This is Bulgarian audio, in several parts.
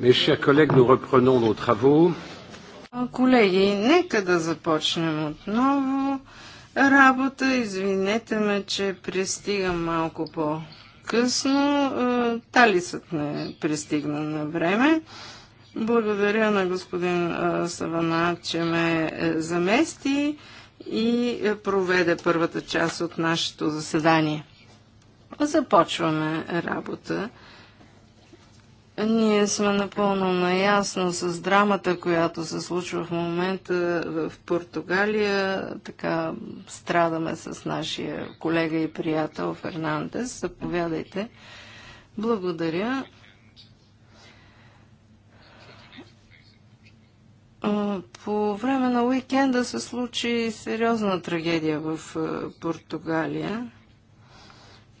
Mes chers collègues, nous reprenons nos travaux. Колеги, нека да започнем отново работа. Извинете ме, че пристигам малко по-късно. Талисът не пристигна на време. Благодаря на господин Савана, че ме е, замести и е, проведе първата част от нашето заседание. Започваме работа. Ние сме напълно наясно с драмата, която се случва в момента в Португалия. Така страдаме с нашия колега и приятел Фернандес. Заповядайте. Благодаря. По време на уикенда се случи сериозна трагедия в Португалия.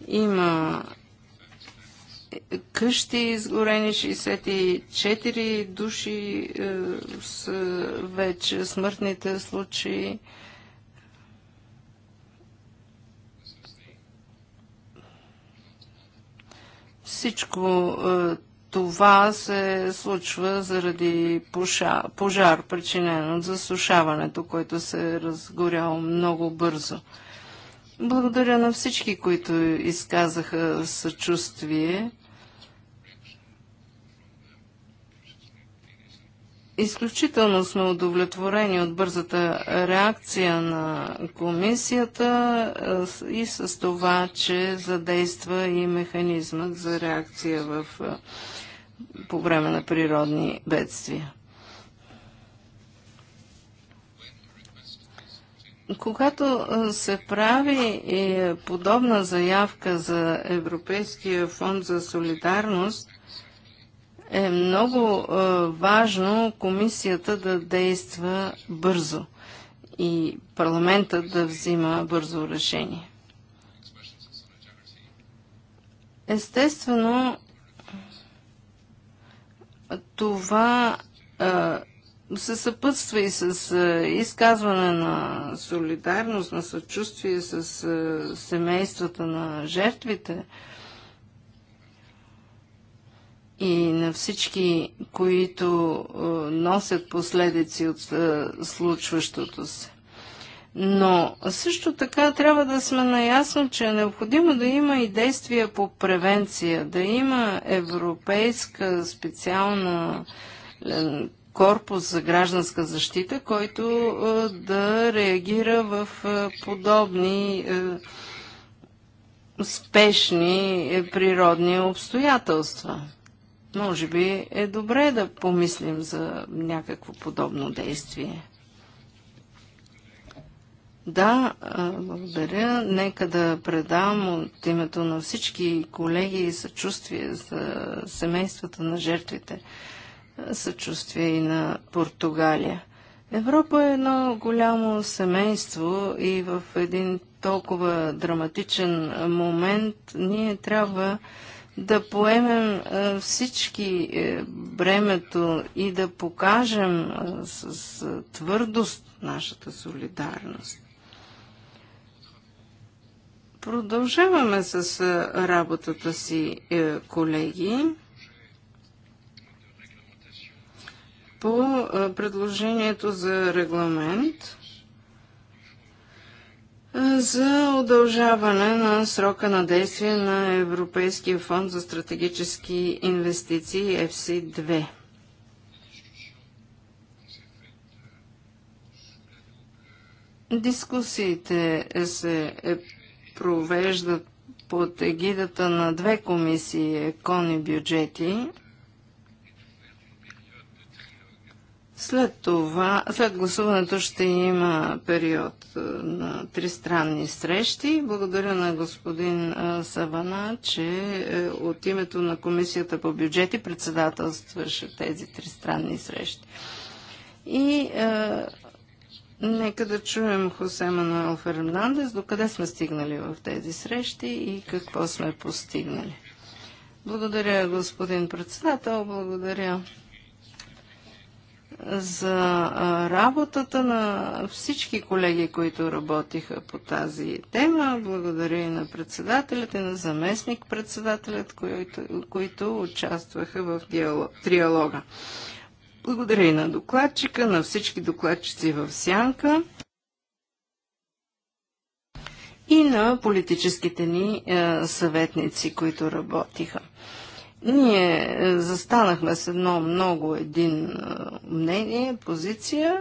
Има къщи изгорени, 64 души е, с вече смъртните случаи. Всичко е, това се случва заради пожар, пожар причинен от засушаването, което се е разгоряло много бързо. Благодаря на всички, които изказаха съчувствие. Изключително сме удовлетворени от бързата реакция на комисията и с това, че задейства и механизмът за реакция в, по време на природни бедствия. Когато се прави е, подобна заявка за Европейския фонд за солидарност, е много важно комисията да действа бързо и парламентът да взима бързо решение. Естествено, това се съпътства и с е, изказване на солидарност, на съчувствие с е, семействата на жертвите и на всички, които е, носят последици от случващото се. Но също така трябва да сме наясно, че е необходимо да има и действия по превенция, да има европейска специална корпус за гражданска защита, който е, да реагира в е, подобни е, спешни природни обстоятелства. Може би е добре да помислим за някакво подобно действие. Да, благодаря. Нека да предам от името на всички колеги и съчувствие за семействата на жертвите съчувствие и на Португалия. Европа е едно голямо семейство и в един толкова драматичен момент ние трябва да поемем е, всички е, бремето и да покажем е, с твърдост нашата солидарност. Продължаваме с работата си, колеги. По предложението за регламент за удължаване на срока на действие на Европейския фонд за стратегически инвестиции FC2. Дискусиите се е, провеждат под егидата на две комисии, кон и бюджети – След това, след гласуването ще има период е, на тристранни срещи. Благодаря на господин е, Савана, че е, от името на Комисията по бюджети председателстваше тези тристранни срещи. И е, нека да чуем Хосе Мануел Фернандес, докъде сме стигнали в тези срещи и какво сме постигнали. Благодаря, господин председател, благодаря за работата на всички колеги, които работиха по тази тема. Благодаря и на председателят и на заместник председателят, които, които участваха в триалога. Благодаря и на докладчика, на всички докладчици в Сянка и на политическите ни е, съветници, които работиха. Ние е, застанахме с едно много един е, мнение, позиция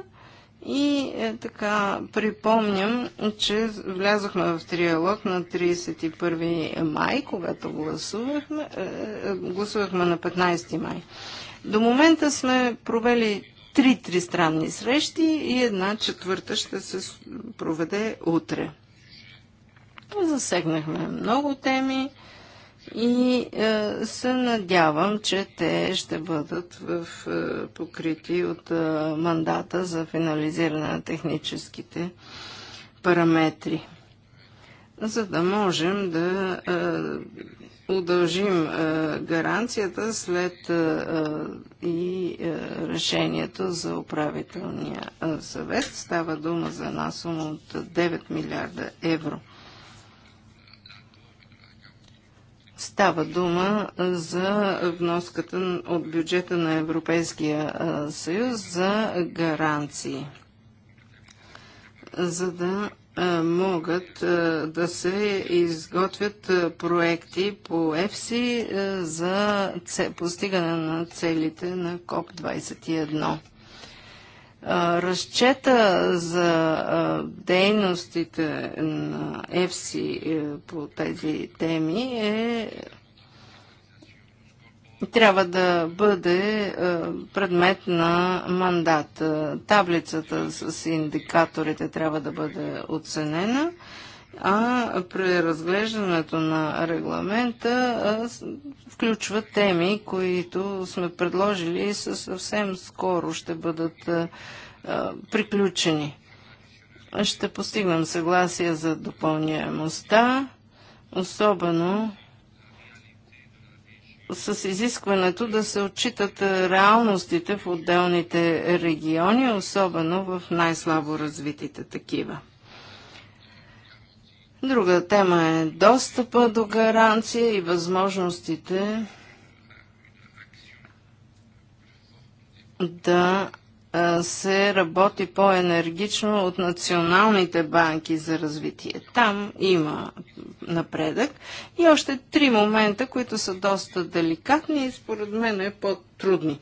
и е, така припомням, че влязохме в триалог на 31 май, когато гласувахме, е, е гласувахме на 15 май. До момента сме провели три тристранни срещи и една четвърта ще се проведе утре. Засегнахме много теми и е, се надявам, че те ще бъдат в, е, покрити от е, мандата за финализиране на техническите параметри, за да можем да е, удължим е, гаранцията след е, е и е, решението за управителния е, съвет. Става дума за една сума от 9 милиарда евро. Става дума за вноската от бюджета на Европейския съюз за гаранции, за да могат да се изготвят проекти по ЕФСИ за постигане на целите на КОП-21 разчета за дейностите на ЕФСИ е, по тези теми е трябва да бъде предмет на мандат. Таблицата с индикаторите трябва да бъде оценена а при разглеждането на регламента включва теми, които сме предложили и съвсем скоро ще бъдат приключени. Ще постигнем съгласие за допълняемостта, особено с изискването да се отчитат реалностите в отделните региони, особено в най-слабо развитите такива. Друга тема е достъпа до гаранция и възможностите да се работи по-енергично от националните банки за развитие. Там има напредък. И още три момента, които са доста деликатни и според мен е по-трудни.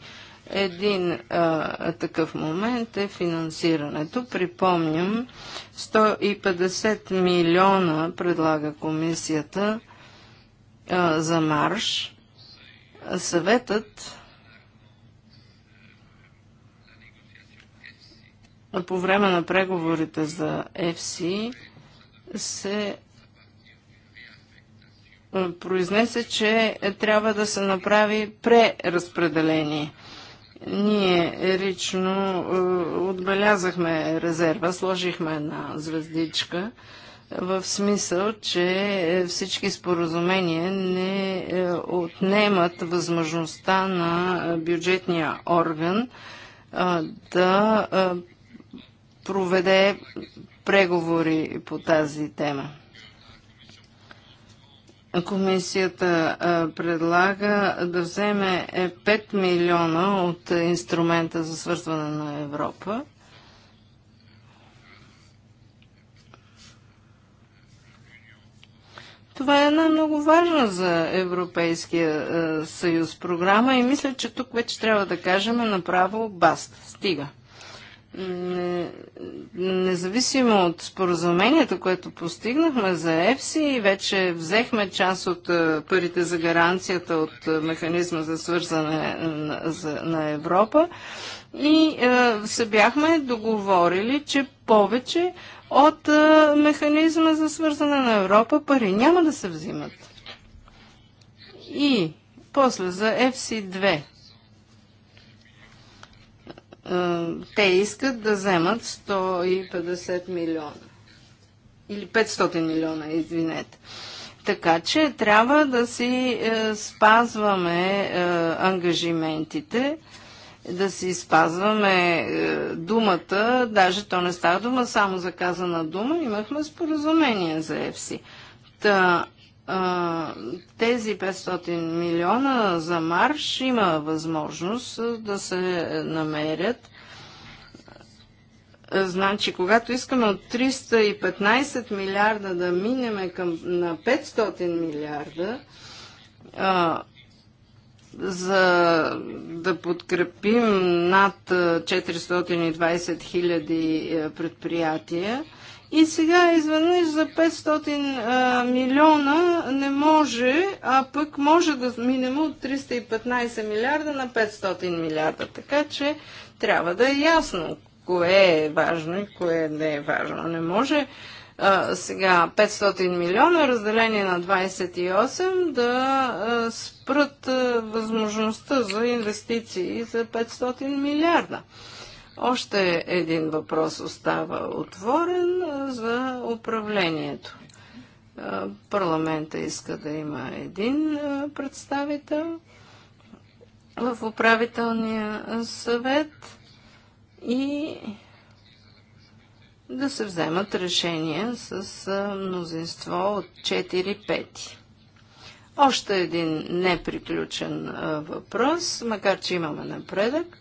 Един а, такъв момент е финансирането. Припомням, 150 милиона предлага комисията а, за марш. Съветът по време на преговорите за ЕФСИ се произнесе, че трябва да се направи преразпределение – ние лично е, отбелязахме резерва, сложихме една звездичка в смисъл, че всички споразумения не е, отнемат възможността на бюджетния орган е, да проведе преговори по тази тема. Комисията предлага да вземе 5 е, милиона от инструмента за свързване на Европа. Това е една много важна за Европейския съюз програма и мисля, че тук вече трябва да кажем направо баст. Стига независимо от споразумението, което постигнахме за ЕФСИ, вече взехме част от парите за гаранцията от механизма за свързане на, Европа и се бяхме договорили, че повече от механизма за свързане на Европа пари няма да се взимат. И после за FC2 е, те искат да вземат 150 милиона. Или 500 милиона, извинете. Така че трябва да си е, спазваме е, ангажиментите, да си спазваме е, думата, даже то не става дума само за казана дума, имахме споразумение за ЕФСИ. Та, тези 500 милиона за марш има възможност да се намерят. Значи, когато искаме от 315 милиарда да минеме към, на 500 милиарда, а, за да подкрепим над 420 хиляди предприятия, и сега изведнъж за 500 а, милиона не може, а пък може да минем от 315 милиарда на 500 милиарда. Така че трябва да е ясно кое е важно и кое не е важно. Не може а, сега 500 милиона разделение на 28 да а, спрат а, възможността за инвестиции за 500 милиарда. Още един въпрос остава отворен за управлението. Парламента иска да има един представител в управителния съвет и да се вземат решения с мнозинство от 4 пети. Още един неприключен въпрос, макар че имаме напредък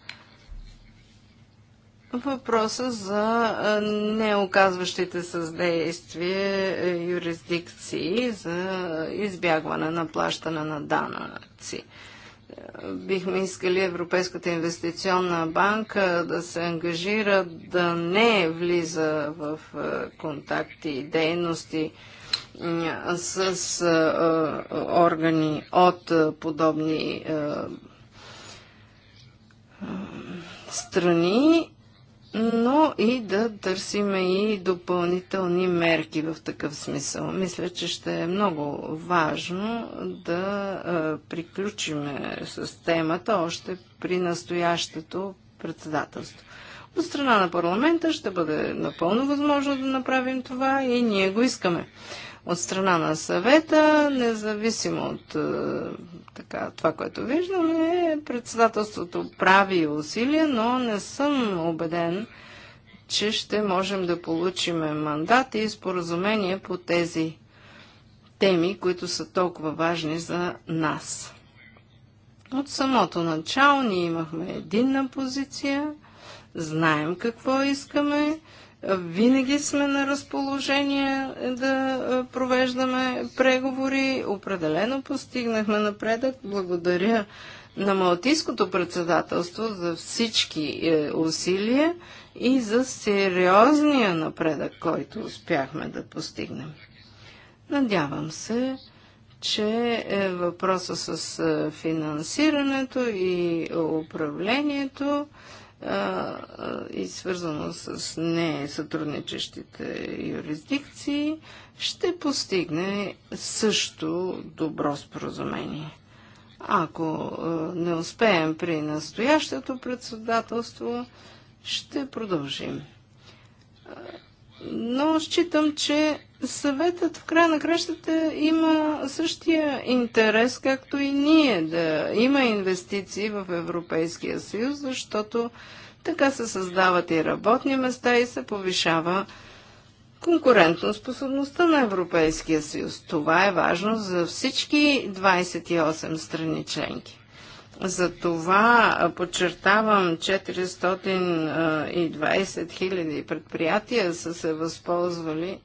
въпроса за неоказващите създействие е, юрисдикции за избягване на плащане на данъци. Е, бихме искали Европейската инвестиционна банка да се ангажира да не влиза в е, контакти и дейности с органи от подобни страни но и да търсиме и допълнителни мерки в такъв смисъл. Мисля, че ще е много важно да приключиме с темата още при настоящето председателство. От страна на парламента ще бъде напълно възможно да направим това и ние го искаме от страна на съвета, независимо от е, така, това, което виждаме, председателството прави усилия, но не съм убеден, че ще можем да получим мандат и споразумение по тези теми, които са толкова важни за нас. От самото начало ние имахме единна позиция, знаем какво искаме, винаги сме на разположение да провеждаме преговори. Определено постигнахме напредък. Благодаря на Малтийското председателство за всички е, усилия и за сериозния напредък, който успяхме да постигнем. Надявам се, че е, въпроса с е, финансирането и управлението и свързано с не сътрудничещите юрисдикции, ще постигне също добро споразумение. Ако не успеем при настоящото председателство, ще продължим. Но считам, че съветът в края на кращата има същия интерес, както и ние, да има инвестиции в Европейския съюз, защото така се създават и работни места и се повишава способността на Европейския съюз. Това е важно за всички 28 страни членки. Затова подчертавам 420 хиляди предприятия са се възползвали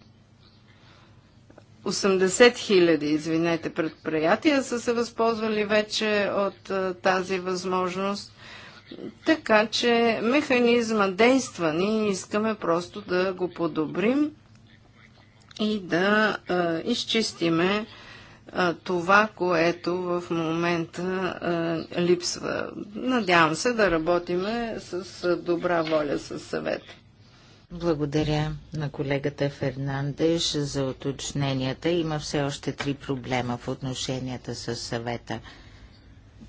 80 хиляди, извинете, предприятия са се възползвали вече от тази възможност. Така че механизма действа. Ние искаме просто да го подобрим и да а, изчистиме а, това, което в момента а, липсва. Надявам се да работиме с добра воля с съвета. Благодаря на колегата Фернандеш за уточненията. Има все още три проблема в отношенията с съвета.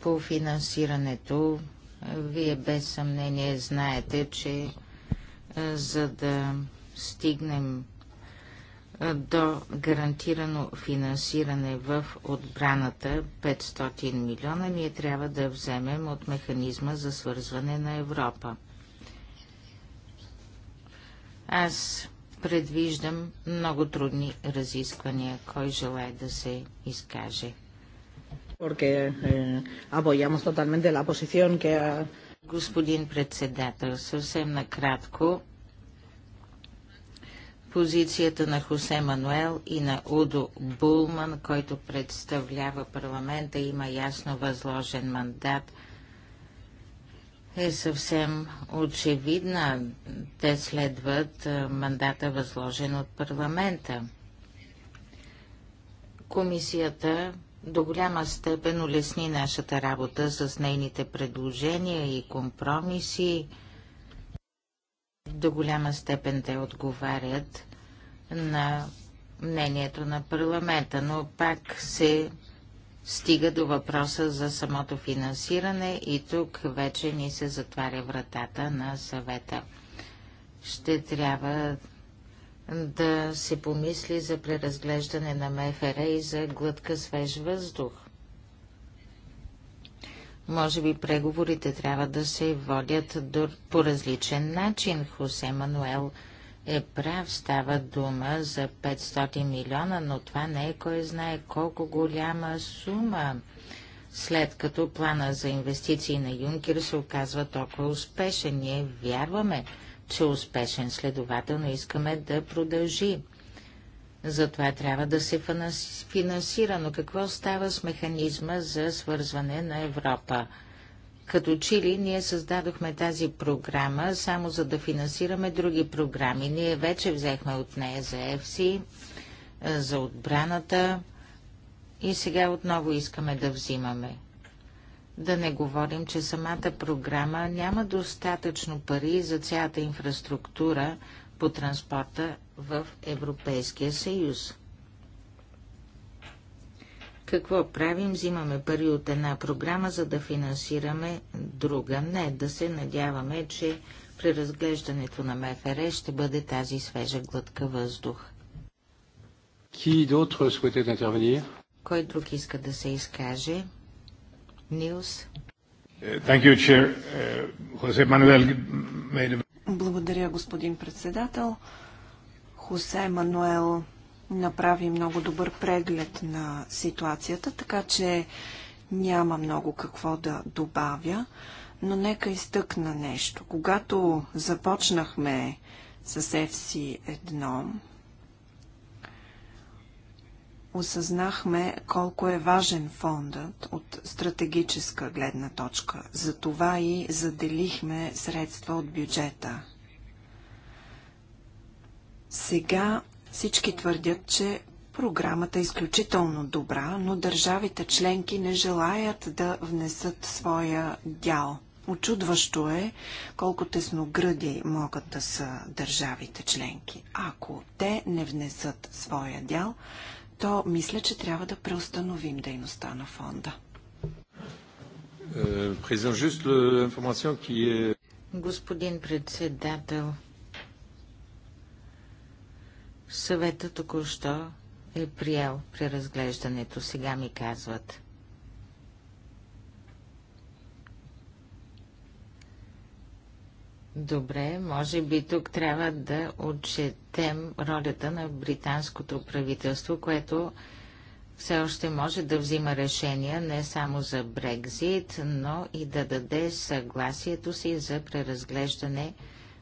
По финансирането, вие без съмнение знаете, че за да стигнем до гарантирано финансиране в отбраната 500 милиона, ние трябва да вземем от механизма за свързване на Европа. Аз предвиждам много трудни разисквания. Кой желая да се изкаже? Porque, eh, que... Господин председател, съвсем накратко, позицията на Хосе Мануел и на Удо Булман, който представлява парламента, има ясно възложен мандат – е съвсем очевидна. Те следват мандата възложен от парламента. Комисията до голяма степен улесни нашата работа с нейните предложения и компромиси. До голяма степен те отговарят на мнението на парламента, но пак се стига до въпроса за самото финансиране и тук вече ни се затваря вратата на съвета. Ще трябва да се помисли за преразглеждане на МФР и за глътка свеж въздух. Може би преговорите трябва да се водят по различен начин, Хосе Мануел – е прав, става дума за 500 милиона, но това не е кой знае колко голяма сума. След като плана за инвестиции на Юнкер се оказва толкова успешен, ние вярваме, че е успешен, следователно искаме да продължи. Затова трябва да се финансира, но какво става с механизма за свързване на Европа? Като чили ние създадохме тази програма само за да финансираме други програми. Ние вече взехме от нея за ЕФСИ, е, за отбраната и сега отново искаме да взимаме. Да не говорим, че самата програма няма достатъчно пари за цялата инфраструктура по транспорта в Европейския съюз. Какво правим? Взимаме пари от една програма, за да финансираме друга. Не, да се надяваме, че при разглеждането на МФР ще бъде тази свежа глътка въздух. Кой друг иска да се изкаже? Нилс? Uh, Благодаря, господин председател. Хосе Мануел направи много добър преглед на ситуацията, така че няма много какво да добавя, но нека изтъкна нещо. Когато започнахме с FC1, осъзнахме колко е важен фондът от стратегическа гледна точка. Затова и заделихме средства от бюджета. Сега всички твърдят, че програмата е изключително добра, но държавите членки не желаят да внесат своя дял. Очудващо е колко тесногради могат да са държавите членки. Ако те не внесат своя дял, то мисля, че трябва да преустановим дейността на фонда. Е, е е- Господин председател, Съвета току-що е приел при разглеждането, сега ми казват. Добре, може би тук трябва да отчетем ролята на британското правителство, което все още може да взима решения не само за Брекзит, но и да даде съгласието си за преразглеждане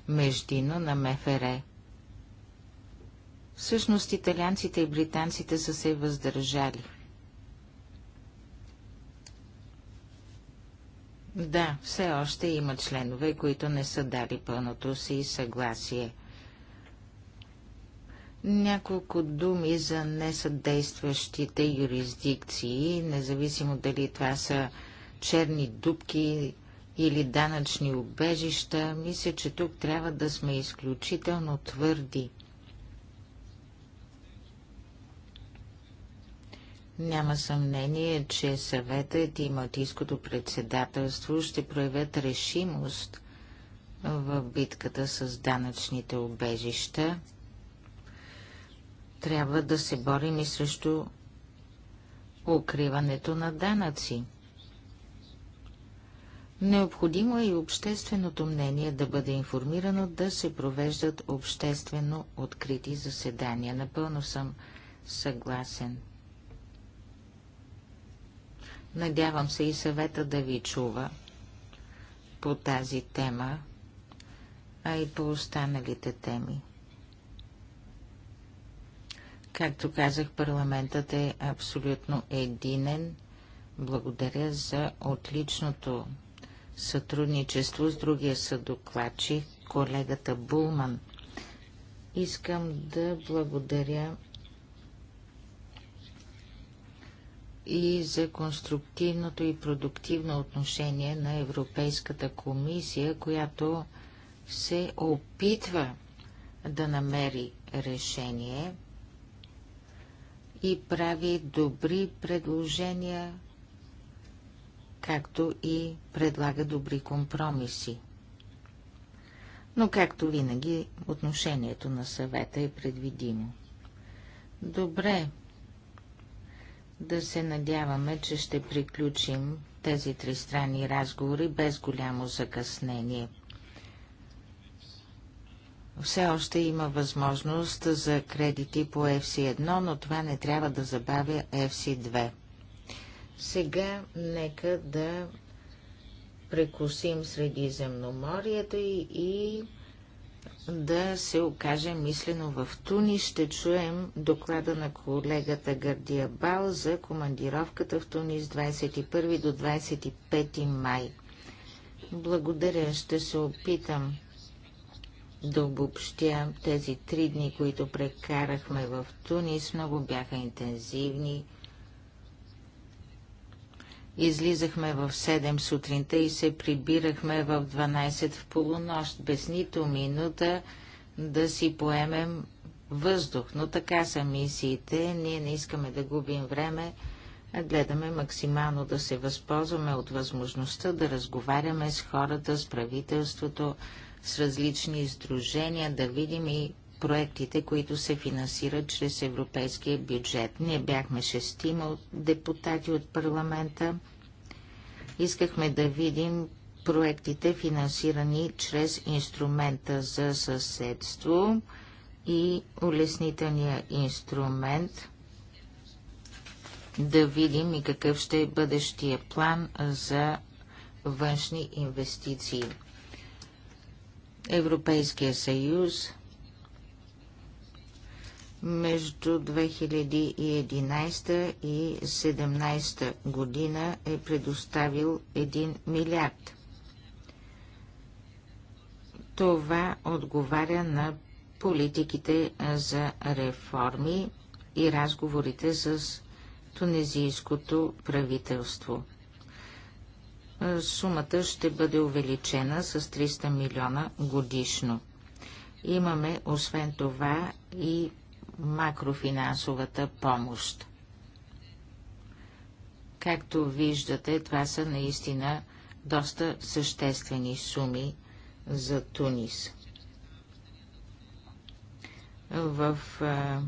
междино на МФР. Всъщност италианците и британците са се въздържали. Да, все още има членове, които не са дали пълното си съгласие. Няколко думи за несъдействащите юрисдикции, независимо дали това са черни дубки или данъчни убежища, мисля, че тук трябва да сме изключително твърди. Няма съмнение, че съветът и Малтийското председателство ще проявят решимост в битката с данъчните обежища. Трябва да се борим и срещу укриването на данъци. Необходимо е и общественото мнение да бъде информирано да се провеждат обществено открити заседания. Напълно съм съгласен. Надявам се и съвета да ви чува по тази тема, а и по останалите теми. Както казах, парламентът е абсолютно единен. Благодаря за отличното сътрудничество с другия съдокладчик, колегата Булман. Искам да благодаря и за конструктивното и продуктивно отношение на Европейската комисия, която се опитва да намери решение и прави добри предложения, както и предлага добри компромиси. Но, както винаги, отношението на съвета е предвидимо. Добре, да се надяваме, че ще приключим тези тристранни разговори без голямо закъснение. Все още има възможност за кредити по FC1, но това не трябва да забавя FC2. Сега нека да прекусим Средиземноморието и, и да се окаже мислено в Туни. Ще чуем доклада на колегата Гардия Бал за командировката в Тунис 21 до 25 май. Благодаря, ще се опитам да обобщя тези три дни, които прекарахме в Тунис. Много бяха интензивни. Излизахме в 7 сутринта и се прибирахме в 12 в полунощ, без нито минута да си поемем въздух. Но така са мисиите. Ние не искаме да губим време, а гледаме максимално да се възползваме от възможността да разговаряме с хората, с правителството, с различни издружения, да видим и проектите, които се финансират чрез европейския бюджет. Ние бяхме шестима от депутати от парламента. Искахме да видим проектите, финансирани чрез инструмента за съседство и улеснителния инструмент. Да видим и какъв ще е бъдещия план за външни инвестиции. Европейския съюз между 2011 и 2017 година е предоставил 1 милиард. Това отговаря на политиките за реформи и разговорите с тунезийското правителство. Сумата ще бъде увеличена с 300 милиона годишно. Имаме освен това и макрофинансовата помощ. Както виждате, това са наистина доста съществени суми за Тунис. В а,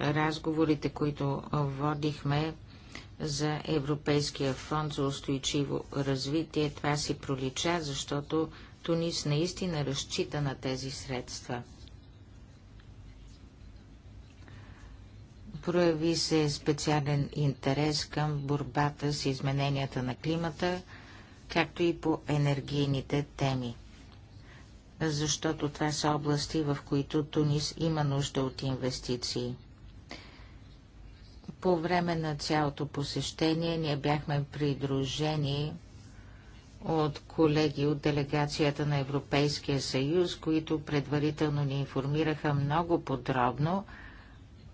разговорите, които водихме за Европейския фонд за устойчиво развитие, това си пролича, защото Тунис наистина разчита на тези средства – Прояви се специален интерес към борбата с измененията на климата, както и по енергийните теми, защото това са области, в които Тунис има нужда от инвестиции. По време на цялото посещение ние бяхме придружени от колеги от делегацията на Европейския съюз, които предварително ни информираха много подробно –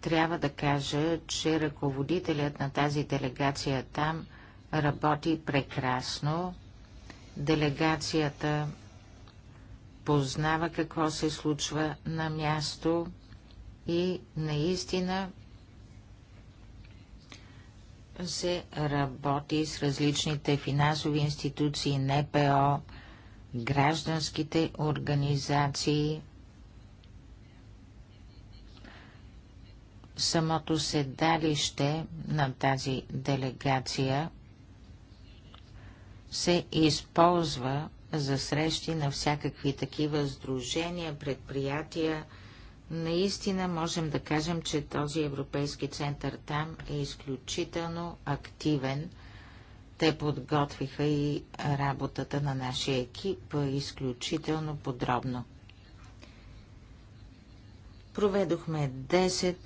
трябва да кажа, че ръководителят на тази делегация там работи прекрасно. Делегацията познава какво се случва на място и наистина се работи с различните финансови институции, НПО, гражданските организации – самото седалище на тази делегация се използва за срещи на всякакви такива сдружения, предприятия. Наистина можем да кажем, че този Европейски център там е изключително активен. Те подготвиха и работата на нашия екип изключително подробно. Проведохме 10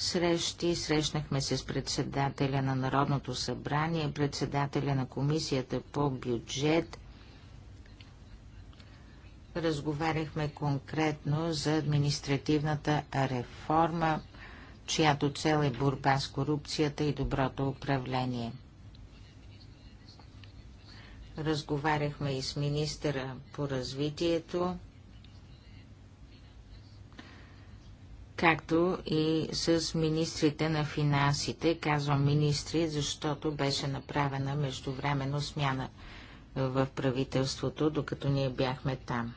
срещи. Срещнахме се с председателя на Народното събрание, председателя на Комисията по бюджет. Разговаряхме конкретно за административната реформа, чиято цел е борба с корупцията и доброто управление. Разговаряхме и с министъра по развитието както и с министрите на финансите. Казвам министри, защото беше направена междувременно смяна в правителството, докато ние бяхме там.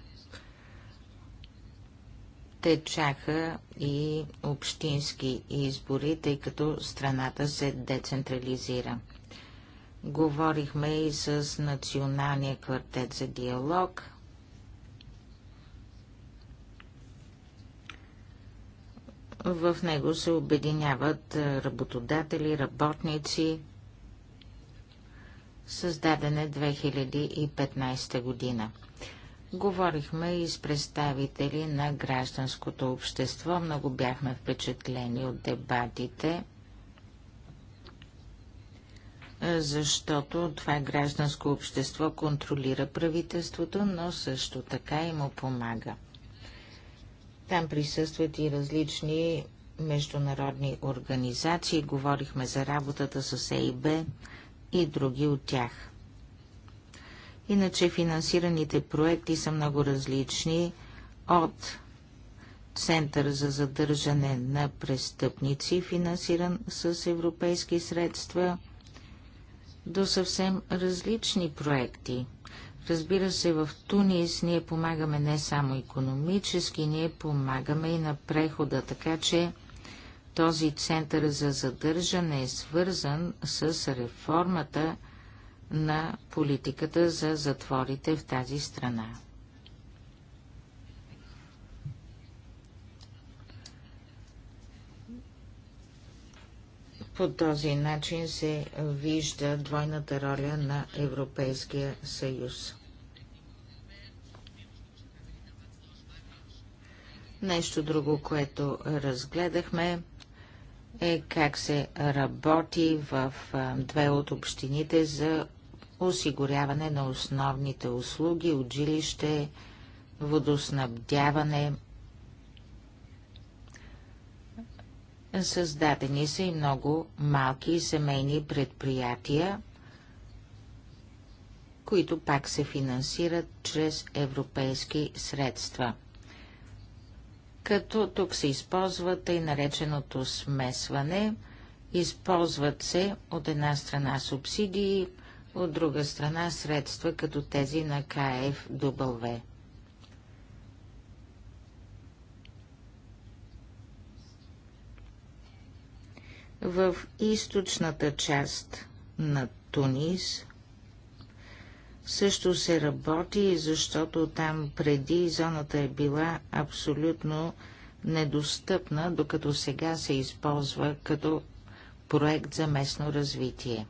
Те чаха и общински избори, тъй като страната се децентрализира. Говорихме и с Националния квартет за диалог – В него се обединяват е, работодатели, работници. Създаден е 2015 година. Говорихме и с представители на гражданското общество. Много бяхме впечатлени от дебатите, е, защото това гражданско общество контролира правителството, но също така и му помага. Там присъстват и различни международни организации. Говорихме за работата с ЕИБ и други от тях. Иначе финансираните проекти са много различни от Център за задържане на престъпници, финансиран с европейски средства, до съвсем различни проекти – Разбира се, в Тунис ние помагаме не само економически, ние помагаме и на прехода, така че този център за задържане е свързан с реформата на политиката за затворите в тази страна. По този начин се вижда двойната роля на Европейския съюз. Нещо друго, което разгледахме е как се работи в две от общините за осигуряване на основните услуги, училище, водоснабдяване, Създадени са и много малки семейни предприятия, които пак се финансират чрез европейски средства. Като тук се използва и нареченото смесване, използват се от една страна субсидии, от друга страна средства като тези на КФW. в източната част на Тунис също се работи, защото там преди зоната е била абсолютно недостъпна, докато сега се използва като проект за местно развитие.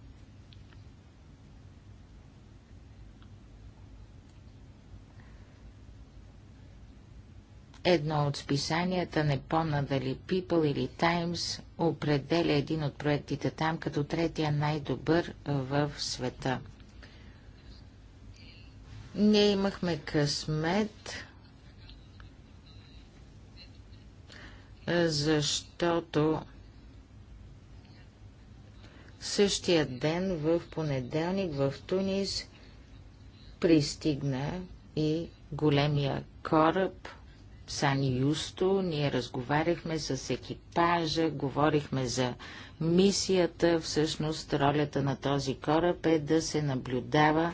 Едно от списанията, не помна дали People или Times, определя един от проектите там като третия най-добър в света. Ние имахме късмет, защото същия ден в понеделник в Тунис пристигна и големия кораб – Сани Юсто, ние разговаряхме с екипажа, говорихме за мисията, всъщност ролята на този кораб е да се наблюдава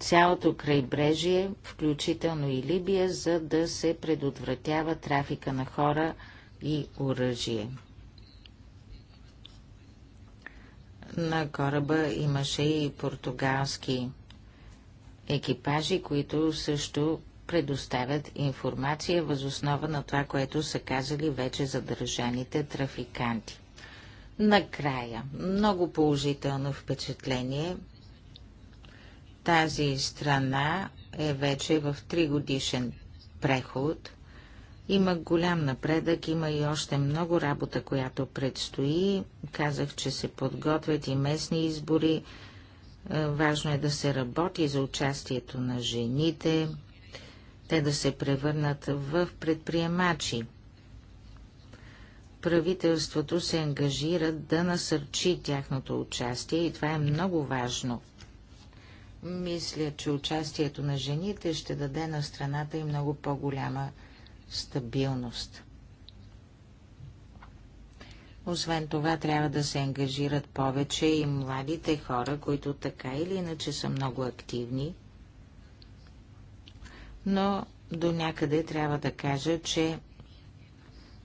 цялото крайбрежие, включително и Либия, за да се предотвратява трафика на хора и оръжие. На кораба имаше и португалски екипажи, които също предоставят информация възоснова на това, което са казали вече задържаните трафиканти. Накрая, много положително впечатление. Тази страна е вече в тригодишен преход. Има голям напредък, има и още много работа, която предстои. Казах, че се подготвят и местни избори. Е, важно е да се работи за участието на жените, те да се превърнат в предприемачи. Правителството се ангажира да насърчи тяхното участие и това е много важно. Мисля, че участието на жените ще даде на страната и много по-голяма стабилност. Освен това, трябва да се ангажират повече и младите хора, които така или иначе са много активни – но до някъде трябва да кажа, че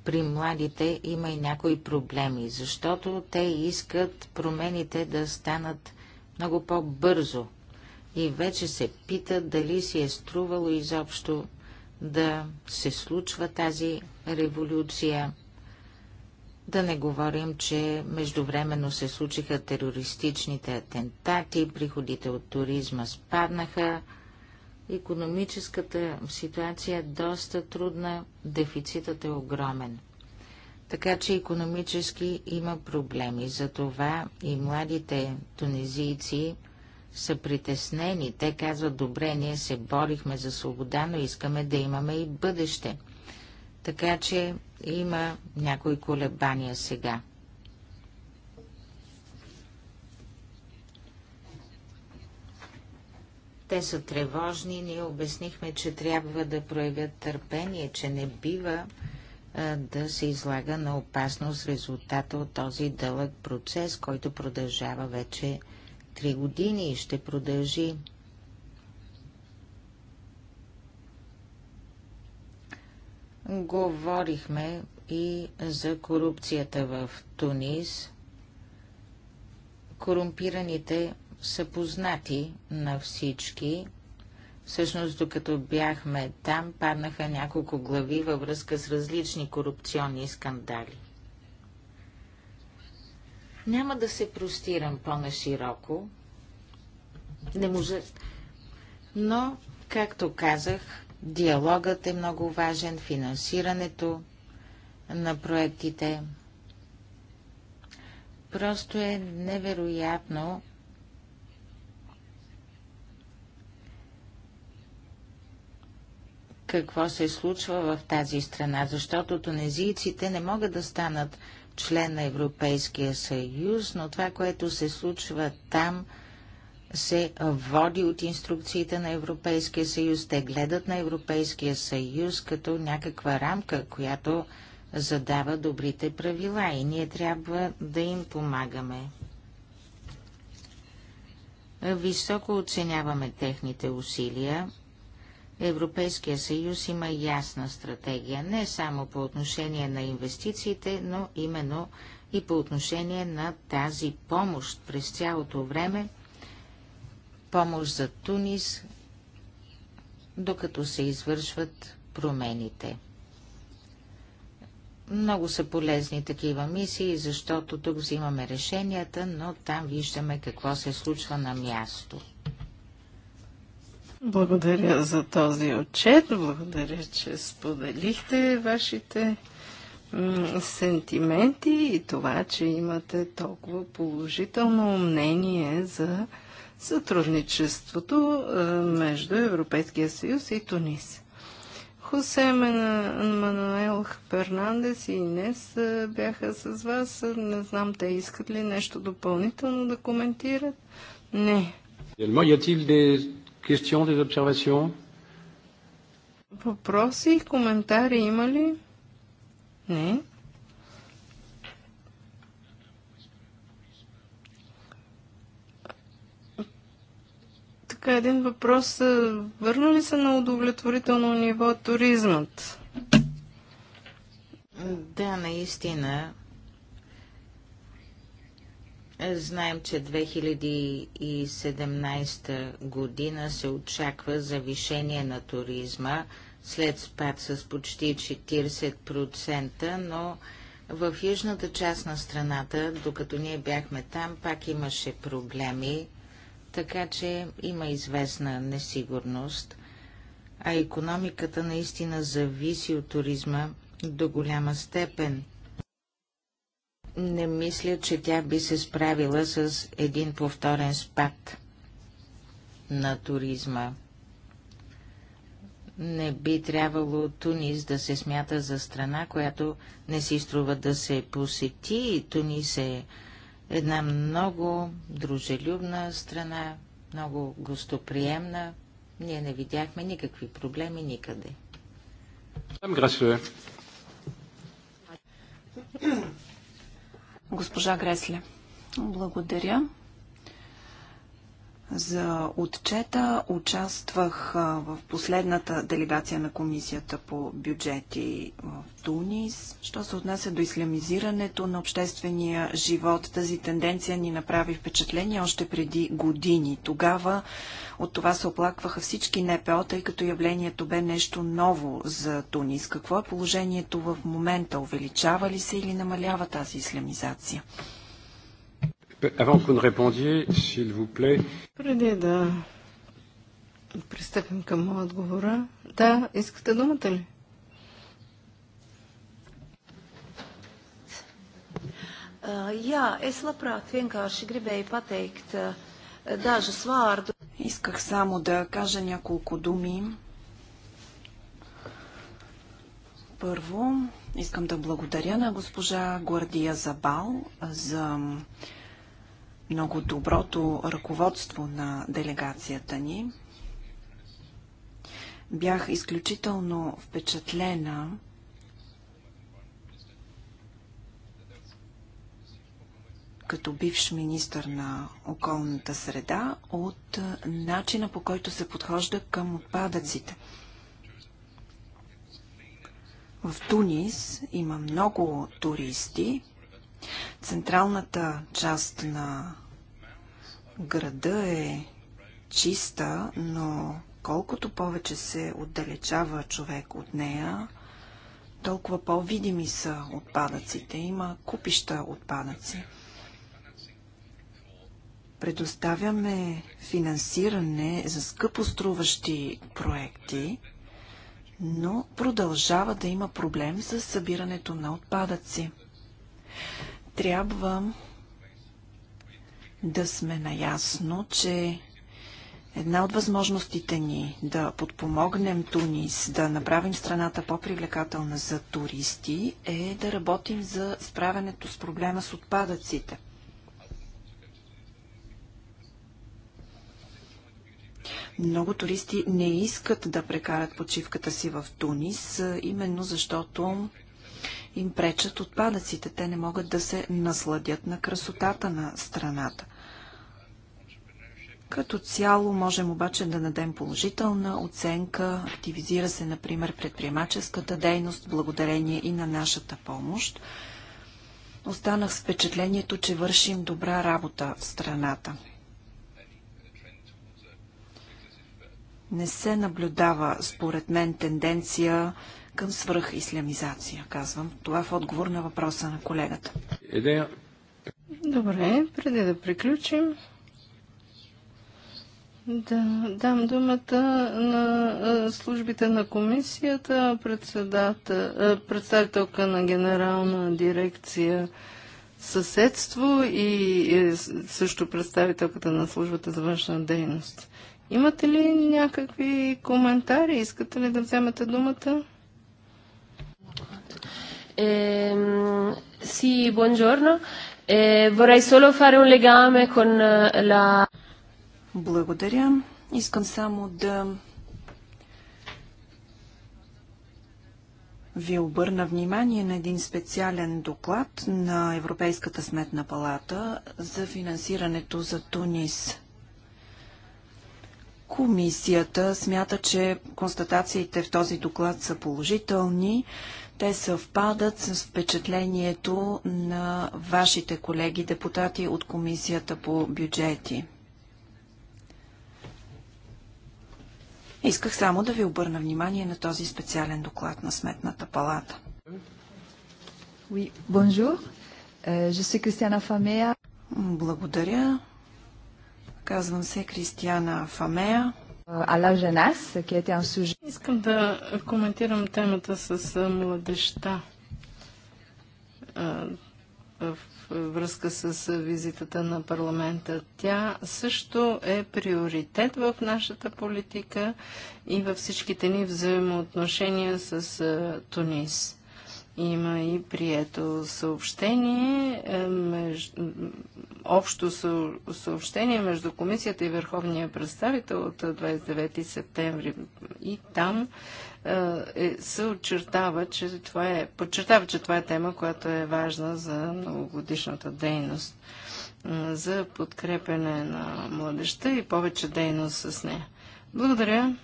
при младите има и някои проблеми, защото те искат промените да станат много по-бързо и вече се питат дали си е струвало изобщо да се случва тази революция. Да не говорим, че междувременно се случиха терористичните атентати, приходите от туризма спаднаха, Економическата ситуация е доста трудна, дефицитът е огромен. Така че економически има проблеми. Затова и младите тунизийци са притеснени. Те казват, добре, ние се борихме за свобода, но искаме да имаме и бъдеще. Така че има някои колебания сега. Те са тревожни, ние обяснихме, че трябва да проявят търпение, че не бива а, да се излага на опасност резултата от този дълъг процес, който продължава вече 3 години и ще продължи. Говорихме и за корупцията в Тунис. Корумпираните са познати на всички. Всъщност, докато бяхме там, паднаха няколко глави във връзка с различни корупционни скандали. Няма да се простирам по-нашироко. Не може. Но, както казах, диалогът е много важен, финансирането на проектите. Просто е невероятно какво се случва в тази страна, защото тунезийците не могат да станат член на Европейския съюз, но това, което се случва там, се води от инструкциите на Европейския съюз. Те гледат на Европейския съюз като някаква рамка, която задава добрите правила и ние трябва да им помагаме. Високо оценяваме техните усилия Европейския съюз има ясна стратегия, не само по отношение на инвестициите, но именно и по отношение на тази помощ през цялото време, помощ за Тунис, докато се извършват промените. Много са полезни такива мисии, защото тук взимаме решенията, но там виждаме какво се случва на място. Благодаря за този отчет. Благодаря, че споделихте вашите сентименти и това, че имате толкова положително мнение за сътрудничеството е, между Европейския съюз и Тунис. Хосе Мануел Фернандес и Инес е, бяха с вас. Е, не знам, те искат ли нещо допълнително да коментират? Не. Y a-t-il des Questions, des observations? Въпроси, коментари има ли? Не. Така, един въпрос. Върна ли се на удовлетворително ниво туризмът? Да, наистина. Знаем, че 2017 година се очаква завишение на туризма след спад с почти 40%, но в южната част на страната, докато ние бяхме там, пак имаше проблеми, така че има известна несигурност, а економиката наистина зависи от туризма до голяма степен не мисля, че тя би се справила с един повторен спад на туризма. Не би трябвало Тунис да се смята за страна, която не си струва да се посети. Тунис е една много дружелюбна страна, много гостоприемна. Ние не видяхме никакви проблеми никъде. Госпожа Гресле. Благодаря. За отчета участвах в последната делегация на комисията по бюджети в Тунис. Що се отнася до ислямизирането на обществения живот, тази тенденция ни направи впечатление още преди години. Тогава от това се оплакваха всички НПО, тъй като явлението бе нещо ново за Тунис. Какво е положението в момента? Увеличава ли се или намалява тази ислямизация? Преди да пристъпим към отговора. Да, искате думата ли? Jā, es labprāt vienkārši gribēju pateikt даже vārdus. Исках само да кажа няколко думи. Първо, искам да благодаря на госпожа Гвардия Забал за много доброто ръководство на делегацията ни. Бях изключително впечатлена като бивш министър на околната среда от начина по който се подхожда към отпадъците. В Тунис има много туристи. Централната част на Града е чиста, но колкото повече се отдалечава човек от нея, толкова по-видими са отпадъците. Има купища отпадъци. Предоставяме финансиране за скъпоструващи проекти, но продължава да има проблем с събирането на отпадъци. Трябва да сме наясно, че Една от възможностите ни да подпомогнем Тунис, да направим страната по-привлекателна за туристи, е да работим за справянето с проблема с отпадъците. Много туристи не искат да прекарат почивката си в Тунис, именно защото им пречат отпадъците. Те не могат да се насладят на красотата на страната. Като цяло можем обаче да дадем положителна оценка. Активизира се, например, предприемаческата дейност благодарение и на нашата помощ. Останах с впечатлението, че вършим добра работа в страната. Не се наблюдава, според мен, тенденция към свръхисламизация, казвам. Това е в отговор на въпроса на колегата. Добре, преди да приключим, да, дам думата на службите на комисията, представителка на генерална дирекция съседство и също представителката на службата за външна дейност. Имате ли някакви коментари? Искате ли да вземете думата? Eh, sì, Eh, vorrei solo fare un legame con la... Благодаря. Искам само да ви обърна внимание на един специален доклад на Европейската сметна палата за финансирането за Тунис. Комисията смята, че констатациите в този доклад са положителни. Те съвпадат с впечатлението на вашите колеги депутати от Комисията по бюджети. Исках само да ви обърна внимание на този специален доклад на Сметната палата. Euh, Благодаря. Казвам се Кристиана Фамея. Euh, Искам да коментирам темата с младеща в връзка с визитата на парламента. Тя също е приоритет в нашата политика и във всичките ни взаимоотношения с Тунис. Има и прието съобщение, е, меж... общо съобщение между комисията и Върховния представител от 29 септември. И там е, е, се очертава, че това е, подчертава, че това е тема, която е важна за многогодишната дейност за подкрепене на младеща и повече дейност с нея. Благодаря.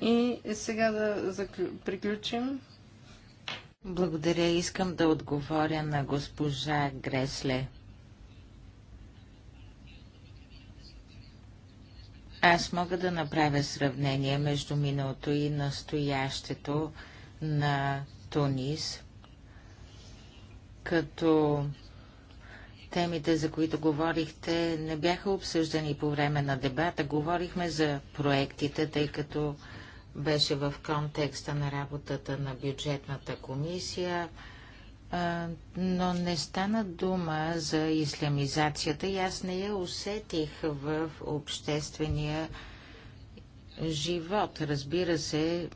И сега да заклю... приключим. Благодаря. Искам да отговоря на госпожа Гресле. Аз мога да направя сравнение между миналото и настоящето на Тунис, като темите, за които говорихте, не бяха обсъждани по време на дебата. Говорихме за проектите, тъй като беше в контекста на работата на бюджетната комисия но не стана дума за ислямизацията и аз не я усетих в обществения живот. Разбира се,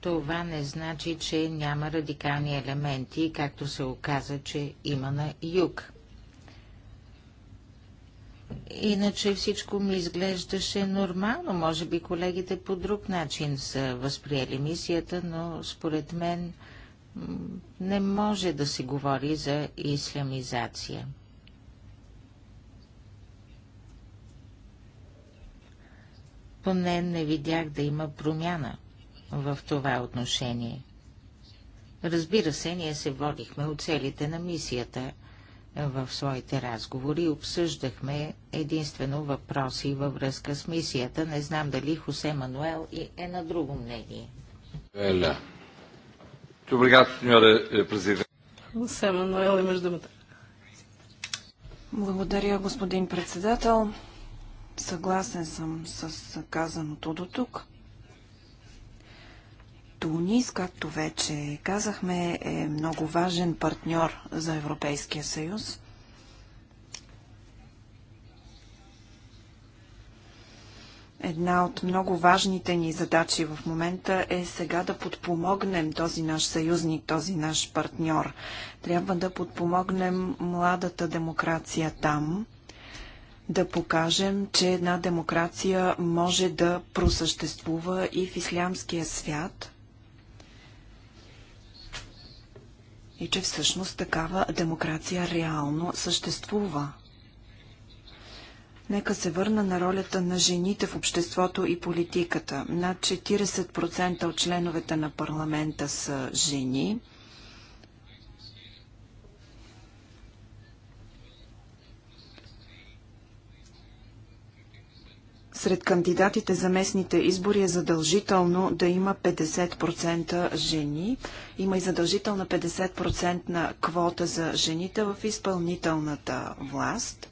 това не значи, че няма радикални елементи, както се оказа, че има на юг. Иначе всичко ми изглеждаше нормално. Може би колегите по друг начин са възприели мисията, но според мен не може да се говори за исламизация. Поне не видях да има промяна в това отношение. Разбира се, ние се водихме от целите на мисията в своите разговори обсъждахме единствено въпроси във връзка с мисията. Не знам дали Хосе Мануел е на друго мнение. Ела. Obrigado, senhora eh, Presidente. E Благодаря, господин председател. Съгласен съм с казаното до тук. Тунис, както вече казахме, е много важен партньор за Европейския съюз. Една от много важните ни задачи в момента е сега да подпомогнем този наш съюзник, този наш партньор. Трябва да подпомогнем младата демокрация там, да покажем, че една демокрация може да просъществува и в ислямския свят и че всъщност такава демокрация реално съществува. Нека се върна на ролята на жените в обществото и политиката. Над 40% от членовете на парламента са жени. Сред кандидатите за местните избори е задължително да има 50% жени. Има и задължителна 50% квота за жените в изпълнителната власт –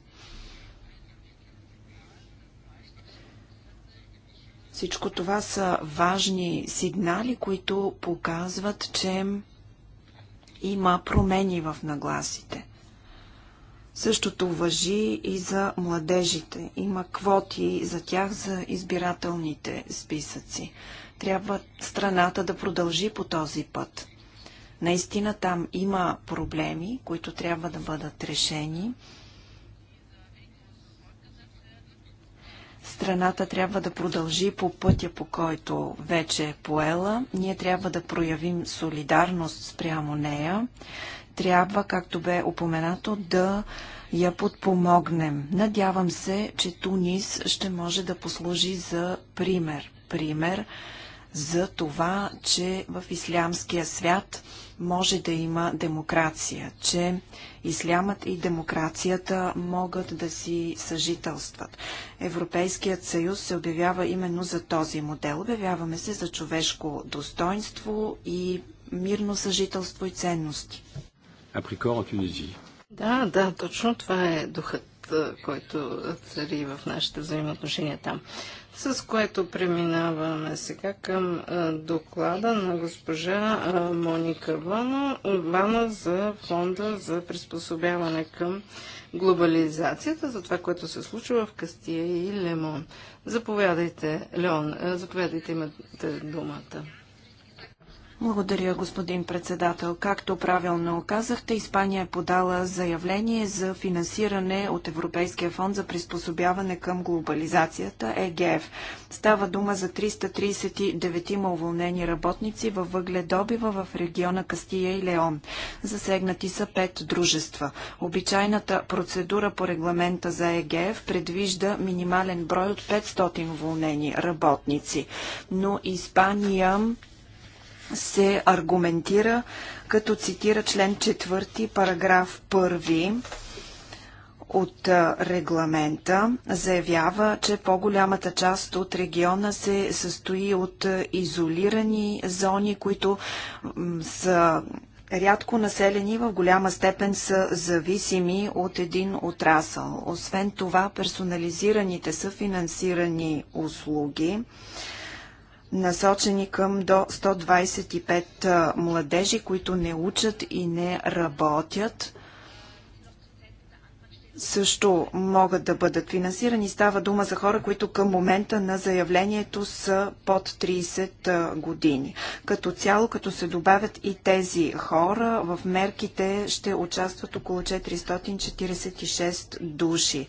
Всичко това са важни сигнали, които показват, че има промени в нагласите. Същото въжи и за младежите. Има квоти за тях за избирателните списъци. Трябва страната да продължи по този път. Наистина там има проблеми, които трябва да бъдат решени. Страната трябва да продължи по пътя, по който вече е поела. Ние трябва да проявим солидарност спрямо нея. Трябва, както бе упоменато, да я подпомогнем. Надявам се, че Тунис ще може да послужи за пример. Пример за това, че в ислямския свят може да има демокрация, че Ислямът и демокрацията могат да си съжителстват. Европейският съюз се обявява именно за този модел. Обявяваме се за човешко достоинство и мирно съжителство и ценности. Априкор Тунизия. Да, да, точно това е духът, който цари в нашите взаимоотношения там с което преминаваме сега към доклада на госпожа Моника Вано, Вано за фонда за приспособяване към глобализацията, за това, което се случва в Кастия и Лемон. Заповядайте, Леон, заповядайте, имате думата. Благодаря, господин председател. Както правилно казахте, Испания е подала заявление за финансиране от Европейския фонд за приспособяване към глобализацията ЕГФ. Става дума за 339 уволнени работници във въгледобива в региона Кастия и Леон. Засегнати са пет дружества. Обичайната процедура по регламента за ЕГФ предвижда минимален брой от 500 уволнени работници. Но Испания се аргументира, като цитира член 4, параграф 1 от регламента заявява, че по-голямата част от региона се състои от изолирани зони, които са рядко населени в голяма степен са зависими от един отрасъл. Освен това, персонализираните са финансирани услуги насочени към до 125 младежи, които не учат и не работят също могат да бъдат финансирани. Става дума за хора, които към момента на заявлението са под 30 години. Като цяло, като се добавят и тези хора, в мерките ще участват около 446 души.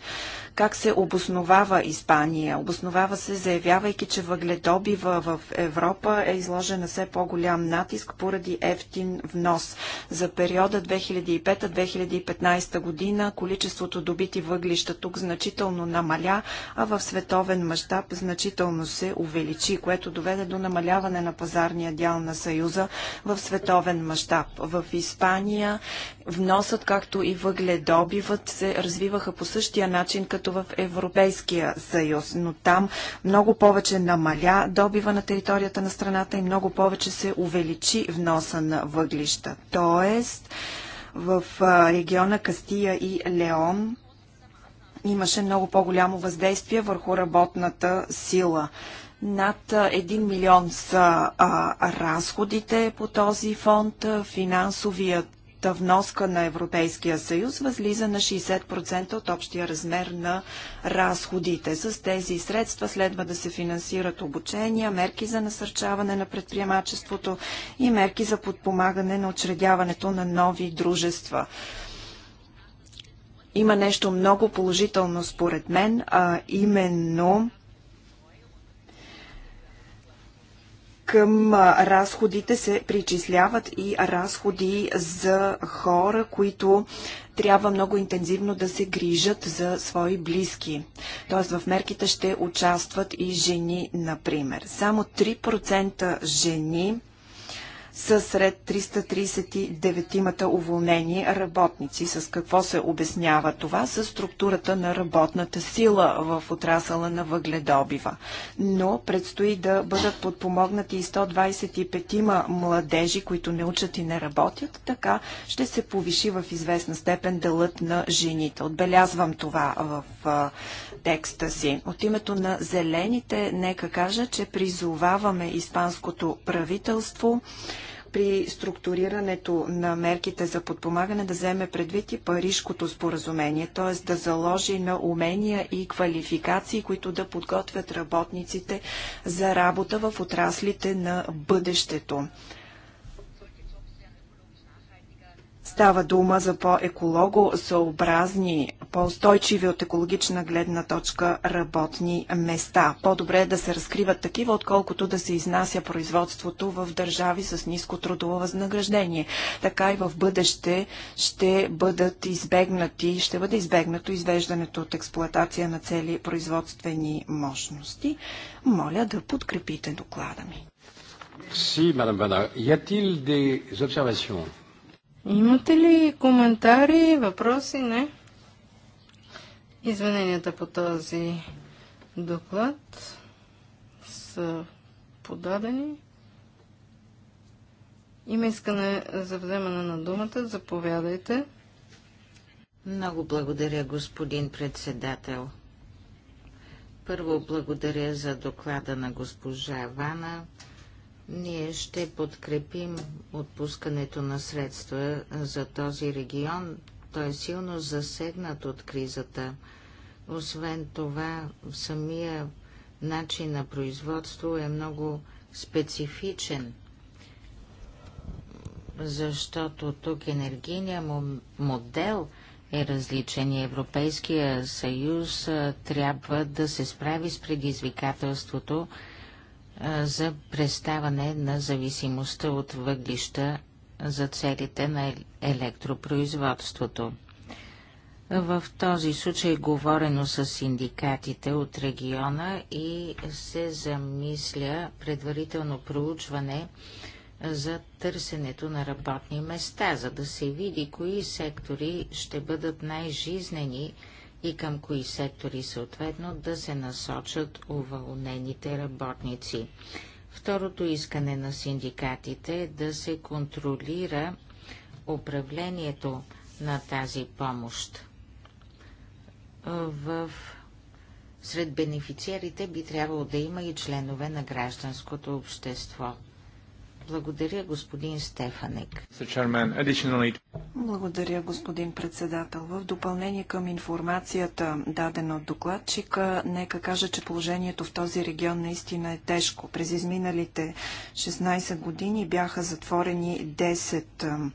Как се обосновава Испания? Обосновава се, заявявайки, че въгледобива в Европа е изложен на все по-голям натиск поради ефтин внос. За периода 2005-2015 година количеството като добити въглища тук значително намаля, а в световен мащаб значително се увеличи, което доведе до намаляване на пазарния дял на Съюза в световен мащаб. В Испания вносът, както и въгледобивът се развиваха по същия начин, като в Европейския съюз, но там много повече намаля добива на територията на страната и много повече се увеличи вноса на въглища. Тоест, в региона Кастия и Леон имаше много по-голямо въздействие върху работната сила. Над 1 милион са а, разходите по този фонд. Финансовият вноска на Европейския съюз възлиза на 60% от общия размер на разходите. С тези средства следва да се финансират обучения, мерки за насърчаване на предприемачеството и мерки за подпомагане на учредяването на нови дружества. Има нещо много положително според мен, а именно към разходите се причисляват и разходи за хора, които трябва много интензивно да се грижат за свои близки. Тоест в мерките ще участват и жени, например. Само 3% жени са сред 339-мата уволнени работници. С какво се обяснява това? С структурата на работната сила в отрасъла на въгледобива. Но предстои да бъдат подпомогнати и 125-ма младежи, които не учат и не работят. Така ще се повиши в известна степен делът на жените. Отбелязвам това в текста си. От името на зелените, нека кажа, че призоваваме испанското правителство при структурирането на мерките за подпомагане да вземе предвид и Парижкото споразумение, т.е. да заложи на умения и квалификации, които да подготвят работниците за работа в отраслите на бъдещето. Става дума за по-екологосъобразни, по-устойчиви от екологична гледна точка работни места. По-добре е да се разкриват такива, отколкото да се изнася производството в държави с ниско трудово възнаграждение. Така и в бъдеще ще бъдат избегнати, ще бъде избегнато извеждането от експлоатация на цели производствени мощности. Моля да подкрепите доклада ми. Си, мадам Вана. ятил де t Имате ли коментари, въпроси? Не. Извиненията по този доклад са подадени. Има искане за вземане на думата. Заповядайте. Много благодаря, господин председател. Първо благодаря за доклада на госпожа Вана. Ние ще подкрепим отпускането на средства за този регион. Той е силно засегнат от кризата. Освен това, самия начин на производство е много специфичен, защото тук енергийният модел е различен и Европейския съюз трябва да се справи с предизвикателството за преставане на зависимостта от въглища за целите на електропроизводството. В този случай говорено с синдикатите от региона и се замисля предварително проучване за търсенето на работни места, за да се види кои сектори ще бъдат най-жизнени и към кои сектори съответно да се насочат уволнените работници. Второто искане на синдикатите е да се контролира управлението на тази помощ. В... Сред бенефициарите би трябвало да има и членове на гражданското общество. Благодаря, господин Стефанек. Благодаря, господин председател. В допълнение към информацията, дадена от докладчика, нека кажа, че положението в този регион наистина е тежко. През изминалите 16 години бяха затворени 10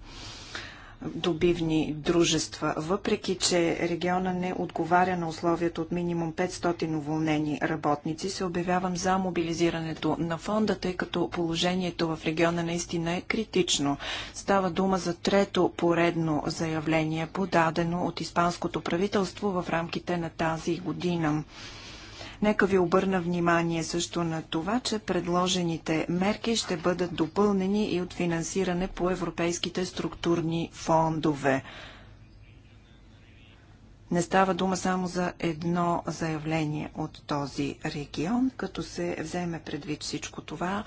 добивни дружества, въпреки че региона не отговаря на условията от минимум 500 уволнени работници, се обявявам за мобилизирането на фонда, тъй като положението в региона наистина е критично. Става дума за трето поредно заявление, подадено от испанското правителство в рамките на тази година. Нека ви обърна внимание също на това, че предложените мерки ще бъдат допълнени и от финансиране по европейските структурни фондове. Не става дума само за едно заявление от този регион. Като се вземе предвид всичко това,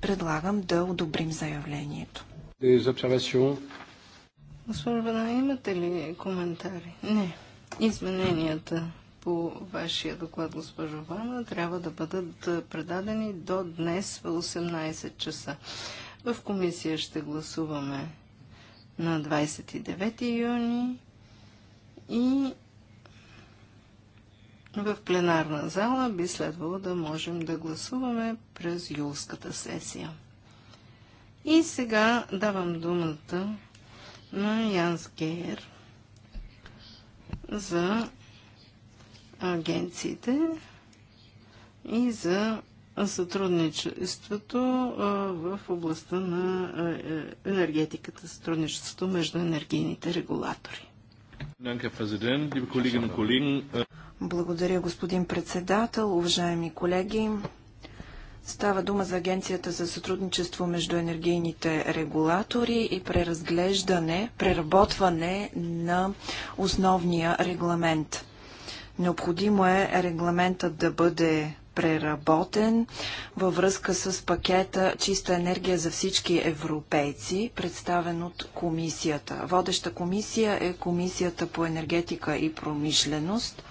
предлагам да одобрим заявлението. Господин Бана, имате ли коментари? Не. Измененията по вашия доклад, госпожо Вана, трябва да бъдат предадени до днес в 18 часа. В комисия ще гласуваме на 29 юни и в пленарна зала би следвало да можем да гласуваме през юлската сесия. И сега давам думата на Янс Гейер за агенциите и за сътрудничеството в областта на е, енергетиката, сътрудничеството между енергийните регулатори. Äh, Благодаря, господин председател, уважаеми колеги. Става дума за Агенцията за сътрудничество между енергийните регулатори и преразглеждане, преработване на основния регламент. Необходимо е регламентът да бъде преработен във връзка с пакета Чиста енергия за всички европейци, представен от комисията. Водеща комисия е Комисията по енергетика и промишленост.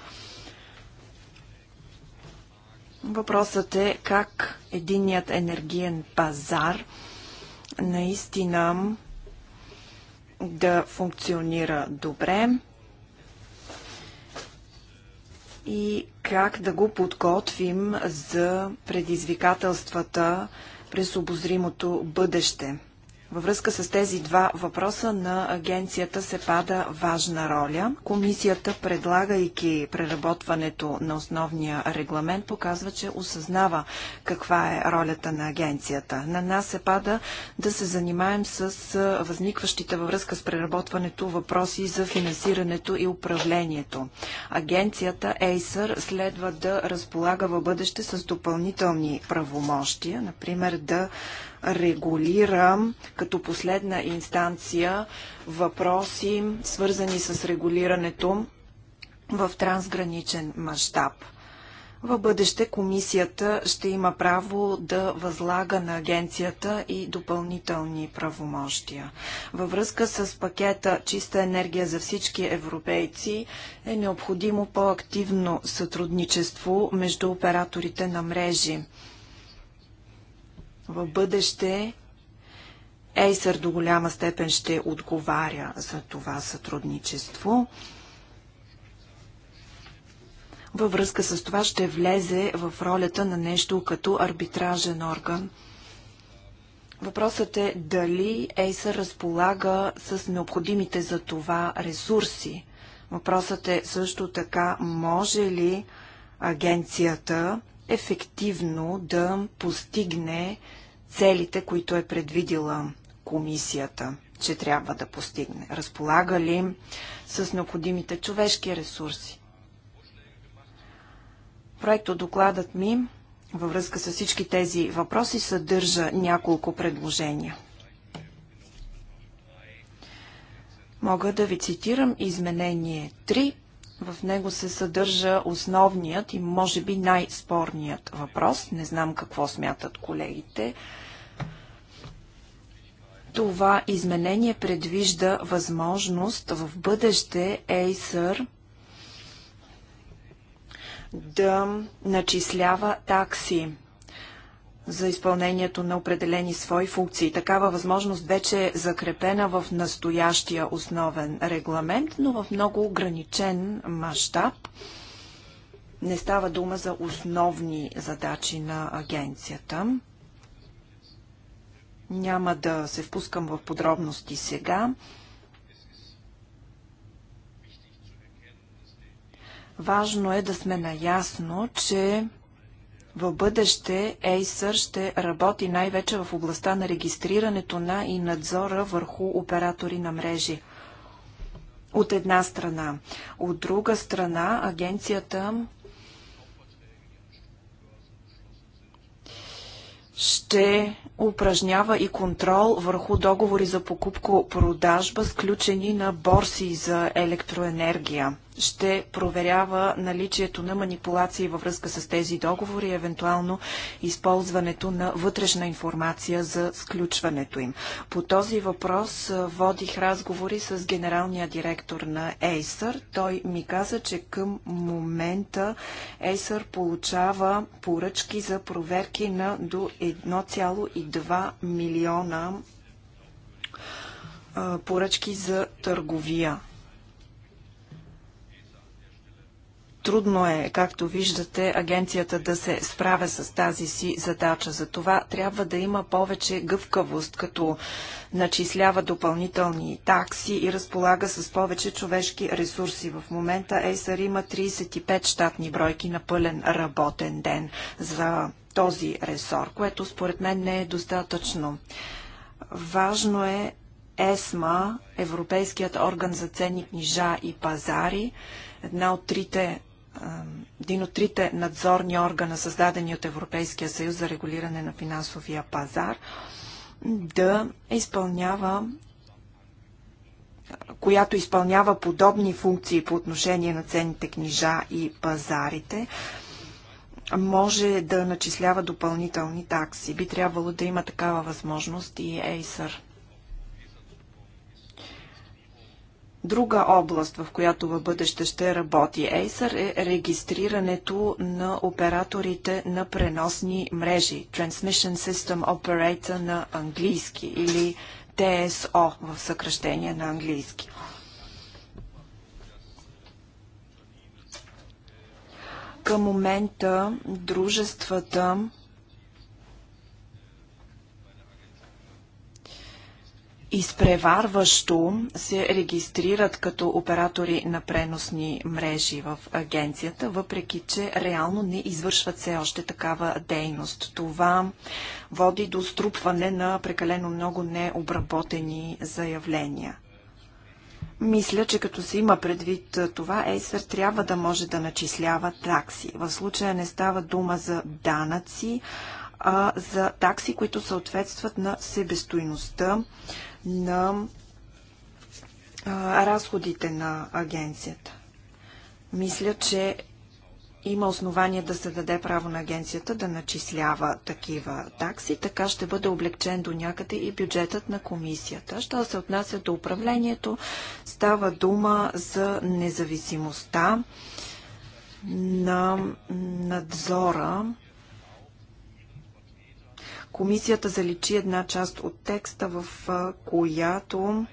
Въпросът е как единният енергиен пазар наистина да функционира добре, и как да го подготвим за предизвикателствата през обозримото бъдеще. Във връзка с тези два въпроса на агенцията се пада важна роля. Комисията, предлагайки преработването на основния регламент, показва, че осъзнава каква е ролята на агенцията. На нас се пада да се занимаем с възникващите във връзка с преработването въпроси за финансирането и управлението. Агенцията Acer следва да разполага в бъдеще с допълнителни правомощия, например да регулира като последна инстанция въпроси, свързани с регулирането в трансграничен мащаб. В бъдеще комисията ще има право да възлага на агенцията и допълнителни правомощия. Във връзка с пакета Чиста енергия за всички европейци е необходимо по-активно сътрудничество между операторите на мрежи. В бъдеще Ейсър до голяма степен ще отговаря за това сътрудничество. Във връзка с това ще влезе в ролята на нещо като арбитражен орган. Въпросът е дали Ейсър разполага с необходимите за това ресурси. Въпросът е също така може ли агенцията ефективно да постигне целите, които е предвидила комисията, че трябва да постигне? Разполага ли с необходимите човешки ресурси? Проекто докладът ми във връзка с всички тези въпроси съдържа няколко предложения. Мога да ви цитирам изменение 3, в него се съдържа основният и може би най-спорният въпрос. Не знам какво смятат колегите. Това изменение предвижда възможност в бъдеще Acer да начислява такси за изпълнението на определени свои функции. Такава възможност вече е закрепена в настоящия основен регламент, но в много ограничен мащаб. Не става дума за основни задачи на агенцията. Няма да се впускам в подробности сега. Важно е да сме наясно, че в бъдеще Acer ще работи най-вече в областта на регистрирането на и надзора върху оператори на мрежи. От една страна. От друга страна, агенцията ще упражнява и контрол върху договори за покупко-продажба, сключени на борси за електроенергия ще проверява наличието на манипулации във връзка с тези договори и евентуално използването на вътрешна информация за сключването им. По този въпрос водих разговори с генералния директор на Acer. Той ми каза, че към момента Acer получава поръчки за проверки на до 1,2 милиона поръчки за търговия. Трудно е, както виждате, агенцията да се справя с тази си задача. За това трябва да има повече гъвкавост, като начислява допълнителни такси и разполага с повече човешки ресурси. В момента ЕСАР има 35 штатни бройки на пълен работен ден за този ресор, което според мен не е достатъчно. Важно е ЕСМА, Европейският орган за ценни книжа и пазари, една от трите един от трите надзорни органа, създадени от Европейския съюз за регулиране на финансовия пазар, да изпълнява която изпълнява подобни функции по отношение на ценните книжа и пазарите, може да начислява допълнителни такси. Би трябвало да има такава възможност и Acer. Друга област, в която в бъдеще ще работи Acer е регистрирането на операторите на преносни мрежи, Transmission System Operator на английски или ТСО в съкръщение на английски. Към момента дружествата изпреварващо се регистрират като оператори на преносни мрежи в агенцията, въпреки че реално не извършват все още такава дейност. Това води до струпване на прекалено много необработени заявления. Мисля, че като се има предвид това, Acer трябва да може да начислява такси. В случая не става дума за данъци, а за такси, които съответстват на себестойността на а, разходите на агенцията. Мисля, че има основание да се даде право на агенцията да начислява такива такси, така ще бъде облегчен до някъде и бюджетът на комисията. Що се отнася до управлението, става дума за независимостта на надзора Комисията заличи една част от текста, в която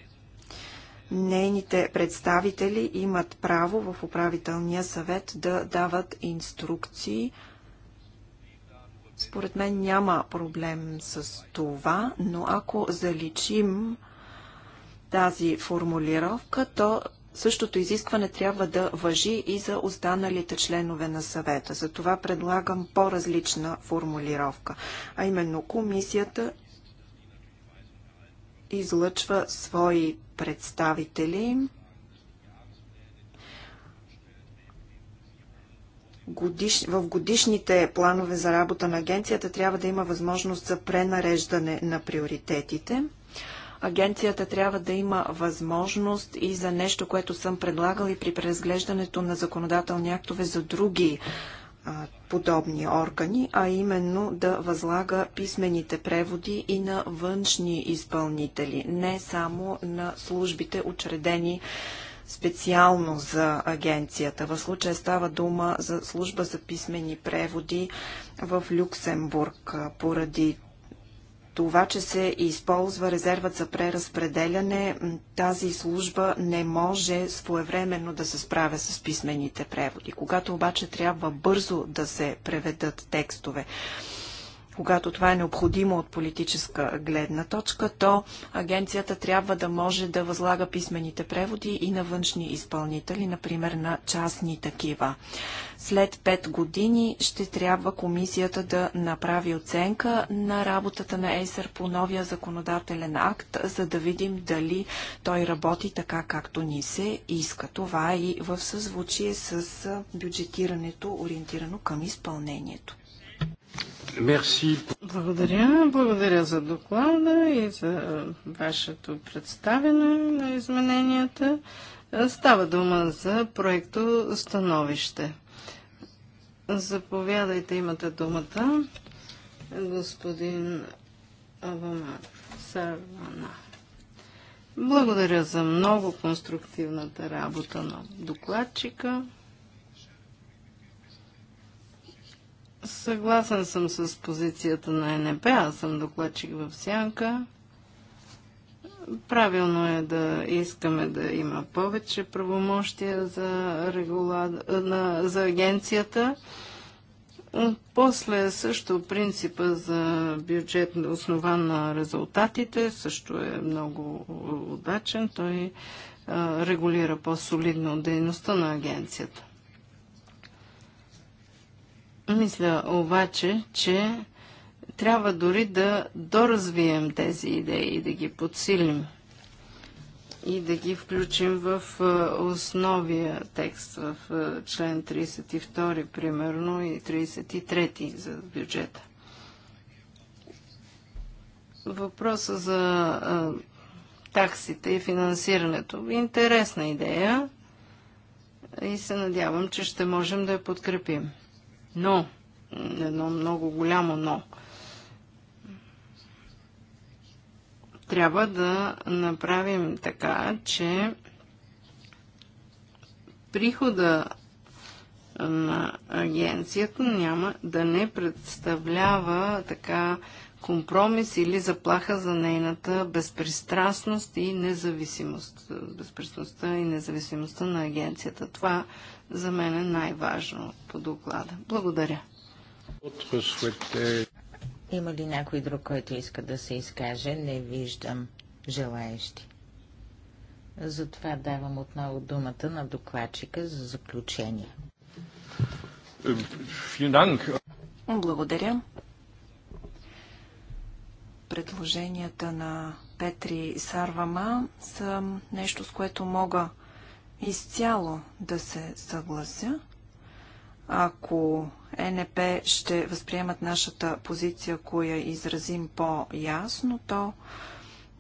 нейните представители имат право в управителния съвет да дават инструкции. Според мен няма проблем с това, но ако заличим тази формулировка, то Същото изискване трябва да въжи и за останалите членове на съвета. Затова предлагам по-различна формулировка, а именно комисията излъчва свои представители Годиш... в годишните планове за работа на агенцията трябва да има възможност за пренареждане на приоритетите агенцията трябва да има възможност и за нещо, което съм предлагал и при преразглеждането на законодателни актове за други подобни органи, а именно да възлага писмените преводи и на външни изпълнители, не само на службите, учредени специално за агенцията. В случая става дума за служба за писмени преводи в Люксембург. Поради това, че се използва резервът за преразпределяне, тази служба не може своевременно да се справя с писмените преводи. Когато обаче трябва бързо да се преведат текстове когато това е необходимо от политическа гледна точка, то агенцията трябва да може да възлага писмените преводи и на външни изпълнители, например на частни такива. След 5 години ще трябва комисията да направи оценка на работата на ЕСЕР по новия законодателен акт, за да видим дали той работи така, както ни се иска. Това е и в съзвучие с бюджетирането, ориентирано към изпълнението. Благодаря. Благодаря за доклада и за е, вашето представяне на измененията. Е, става дума за проекто Становище. Заповядайте, имате думата, господин Авамар Сарвана. Благодаря за много конструктивната работа на докладчика. Съгласен съм с позицията на НП, аз съм докладчик в Сянка. Правилно е да искаме да има повече правомощия за, регула... на... за агенцията. После също принципа за бюджет основан на резултатите също е много удачен. Той регулира по-солидно дейността на агенцията. Мисля обаче, че трябва дори да доразвием тези идеи и да ги подсилим и да ги включим в основия текст, в член 32, примерно, и 33 за бюджета. Въпроса за таксите и финансирането. Интересна идея и се надявам, че ще можем да я подкрепим но, едно много голямо но, трябва да направим така, че прихода на агенцията няма да не представлява така компромис или заплаха за нейната безпристрастност и независимост. Безпристрастността и независимостта на агенцията. Това за мен е най-важно по доклада. Благодаря. Има ли някой друг, който иска да се изкаже? Не виждам желаещи. Затова давам отново думата на докладчика за заключение. Благодаря. Предложенията на Петри Сарвама са нещо, с което мога изцяло да се съглася. Ако е НП ще възприемат нашата позиция, коя изразим по-ясно, то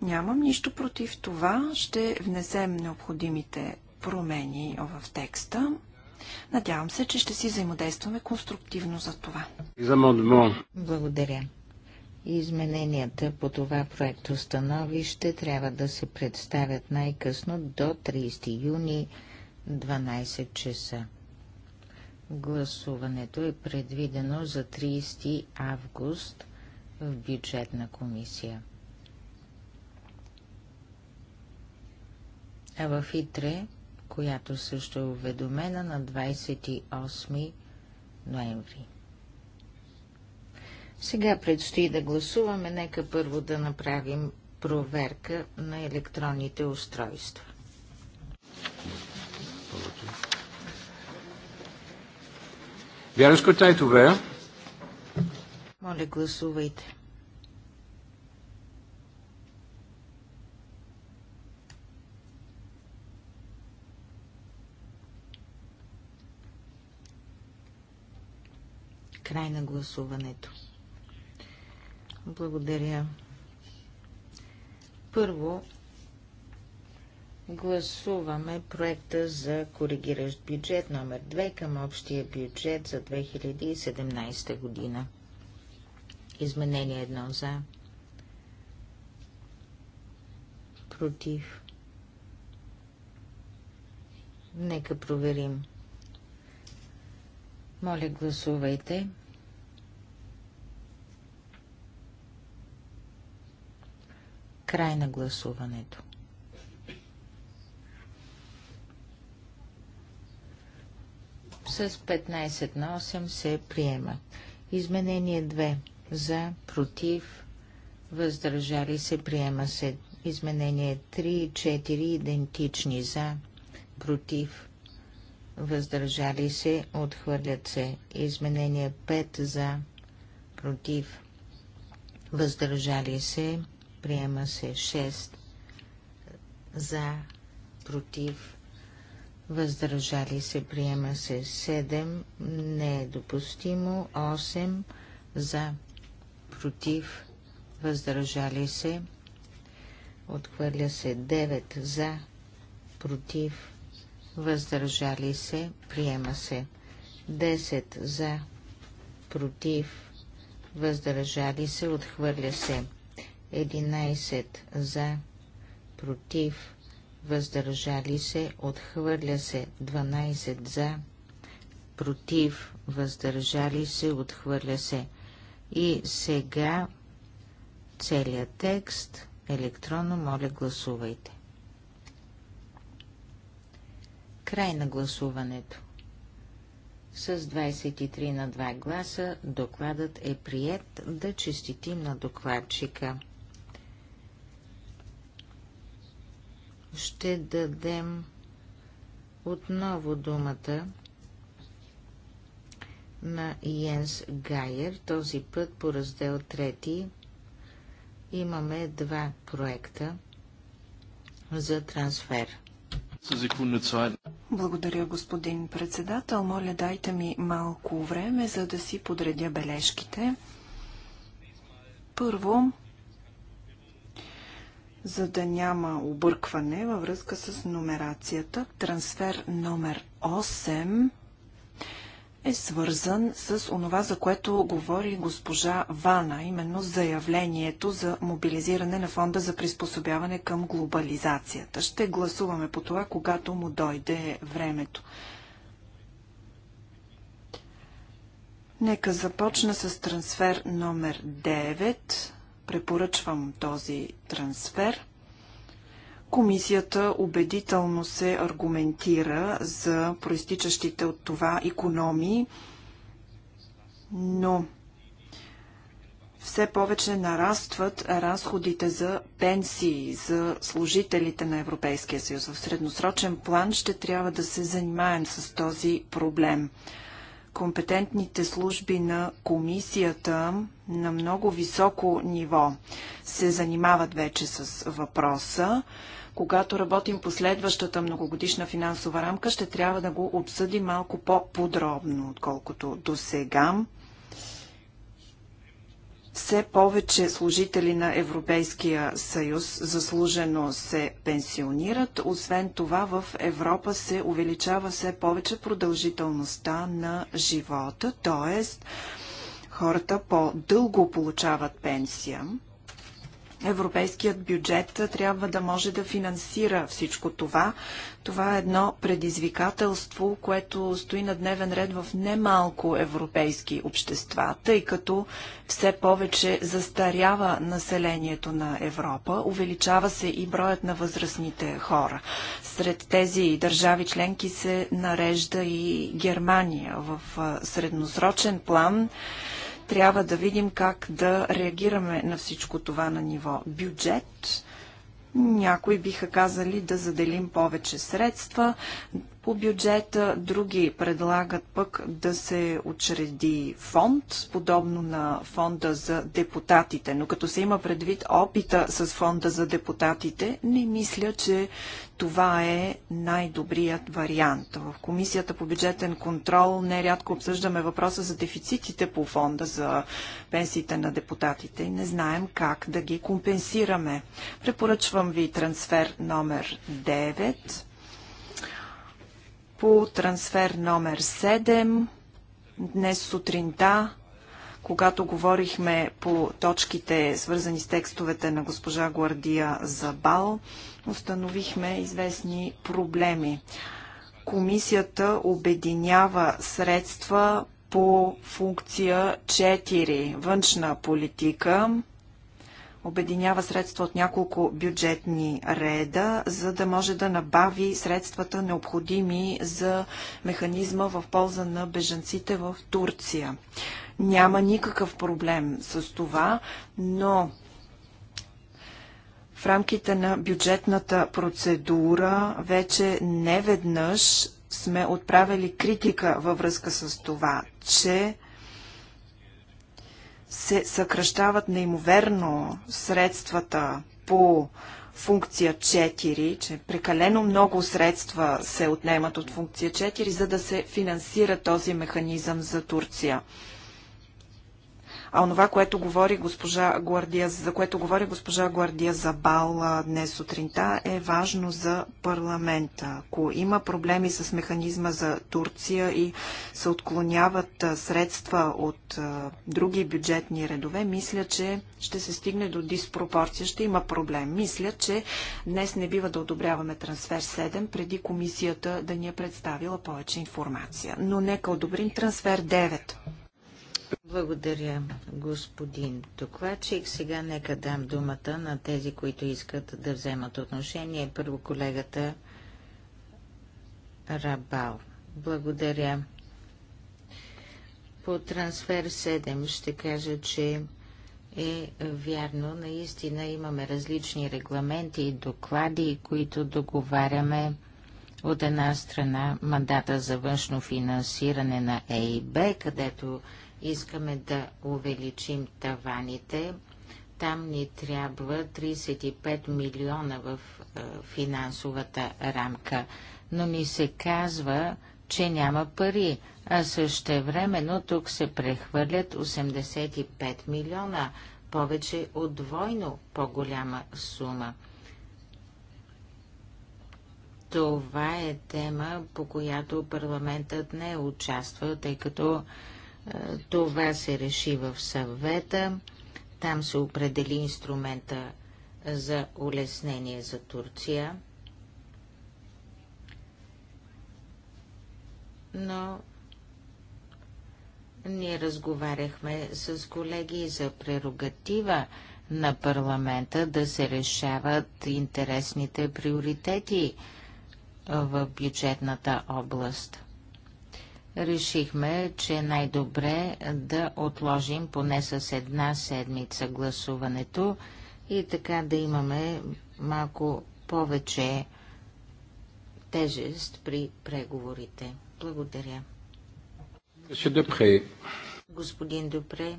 нямам нищо против това. Ще внесем необходимите промени в текста. Надявам се, че ще си взаимодействаме конструктивно за това. Благодаря. Измененията по това проекто становище трябва да се представят най-късно до 30 юни 12 часа. Гласуването е предвидено за 30 август в бюджетна комисия. А в Итре, която също е уведомена на 28 ноември. Сега предстои да гласуваме. Нека първо да направим проверка на електронните устройства. Вярно скотай това. Моля, гласувайте. Край на гласуването. Благодаря. Първо, гласуваме проекта за коригиращ бюджет номер 2 към общия бюджет за 2017 година. Изменение едно за. Против. Нека проверим. Моля, гласувайте. Гласувайте. Край на гласуването. С 15 на 8 се приема. Изменение 2. За, против, въздържали се, приема се. Изменение 3 и 4 идентични за, против, въздържали се, отхвърлят се. Изменение 5 за, против, въздържали се, приема се 6 за, против, въздържали се, приема се 7, не е допустимо, 8 за, против, въздържали се, отхвърля се 9 за, против, въздържали се, приема се 10 за, против, въздържали се, отхвърля се 11 за, против, въздържали се, отхвърля се 12 за, против, въздържали се, отхвърля се. И сега целият текст електронно, моля гласувайте. Край на гласуването. С 23 на 2 гласа докладът е прият да честитим на докладчика. ще дадем отново думата на Йенс Гайер, този път по раздел 3. Имаме два проекта за трансфер. Благодаря, господин председател. Моля, дайте ми малко време, за да си подредя бележките. Първо, за да няма объркване във връзка с номерацията. Трансфер номер 8 е свързан с онова, за което говори госпожа Вана, именно заявлението за мобилизиране на фонда за приспособяване към глобализацията. Ще гласуваме по това, когато му дойде времето. Нека започна с трансфер номер 9 препоръчвам този трансфер. Комисията убедително се аргументира за проистичащите от това економии, но все повече нарастват разходите за пенсии за служителите на Европейския съюз. В средносрочен план ще трябва да се занимаем с този проблем компетентните служби на комисията на много високо ниво се занимават вече с въпроса. Когато работим по следващата многогодишна финансова рамка, ще трябва да го обсъдим малко по-подробно, отколкото до сега. Все повече служители на Европейския съюз заслужено се пенсионират. Освен това, в Европа се увеличава все повече продължителността на живота, т.е. хората по-дълго получават пенсия. Европейският бюджет трябва да може да финансира всичко това. Това е едно предизвикателство, което стои на дневен ред в немалко европейски общества, тъй като все повече застарява населението на Европа, увеличава се и броят на възрастните хора. Сред тези държави членки се нарежда и Германия. В средносрочен план трябва да видим как да реагираме на всичко това на ниво бюджет. Някои биха казали да заделим повече средства, по бюджета други предлагат пък да се учреди фонд, подобно на фонда за депутатите. Но като се има предвид опита с фонда за депутатите, не мисля, че това е най-добрият вариант. В Комисията по бюджетен контрол нерядко обсъждаме въпроса за дефицитите по фонда за пенсиите на депутатите и не знаем как да ги компенсираме. Препоръчвам ви трансфер номер 9 по трансфер номер 7. Днес сутринта, когато говорихме по точките, свързани с текстовете на госпожа Гвардия Забал, установихме известни проблеми. Комисията обединява средства по функция 4 външна политика обединява средства от няколко бюджетни реда, за да може да набави средствата необходими за механизма в полза на бежанците в Турция. Няма никакъв проблем с това, но в рамките на бюджетната процедура вече не веднъж сме отправили критика във връзка с това, че се съкръщават неимоверно средствата по функция 4, че прекалено много средства се отнемат от функция 4, за да се финансира този механизъм за Турция. А онова, което говори госпожа Гвардия, за което говори госпожа Гвардия бал днес сутринта, е важно за парламента. Ако има проблеми с механизма за Турция и се отклоняват средства от други бюджетни редове, мисля, че ще се стигне до диспропорция, ще има проблем. Мисля, че днес не бива да одобряваме трансфер 7, преди комисията да ни е представила повече информация. Но нека одобрим трансфер 9. Благодаря, господин докладчик. Сега нека дам думата на тези, които искат да вземат отношение. Първо колегата Рабал. Благодаря. По трансфер 7 ще кажа, че е вярно. Наистина имаме различни регламенти и доклади, които договаряме от една страна мандата за външно финансиране на ЕИБ, където Искаме да увеличим таваните. Там ни трябва 35 милиона в е, финансовата рамка, но ни се казва, че няма пари, а същевременно тук се прехвърлят 85 милиона, повече от двойно по-голяма сума. Това е тема, по която парламентът не участва, тъй като това се реши в съвета. Там се определи инструмента за улеснение за Турция. Но ние разговаряхме с колеги за прерогатива на парламента да се решават интересните приоритети в бюджетната област решихме, че е най-добре да отложим поне с една седмица гласуването и така да имаме малко повече тежест при преговорите. Благодаря. Господин Добре.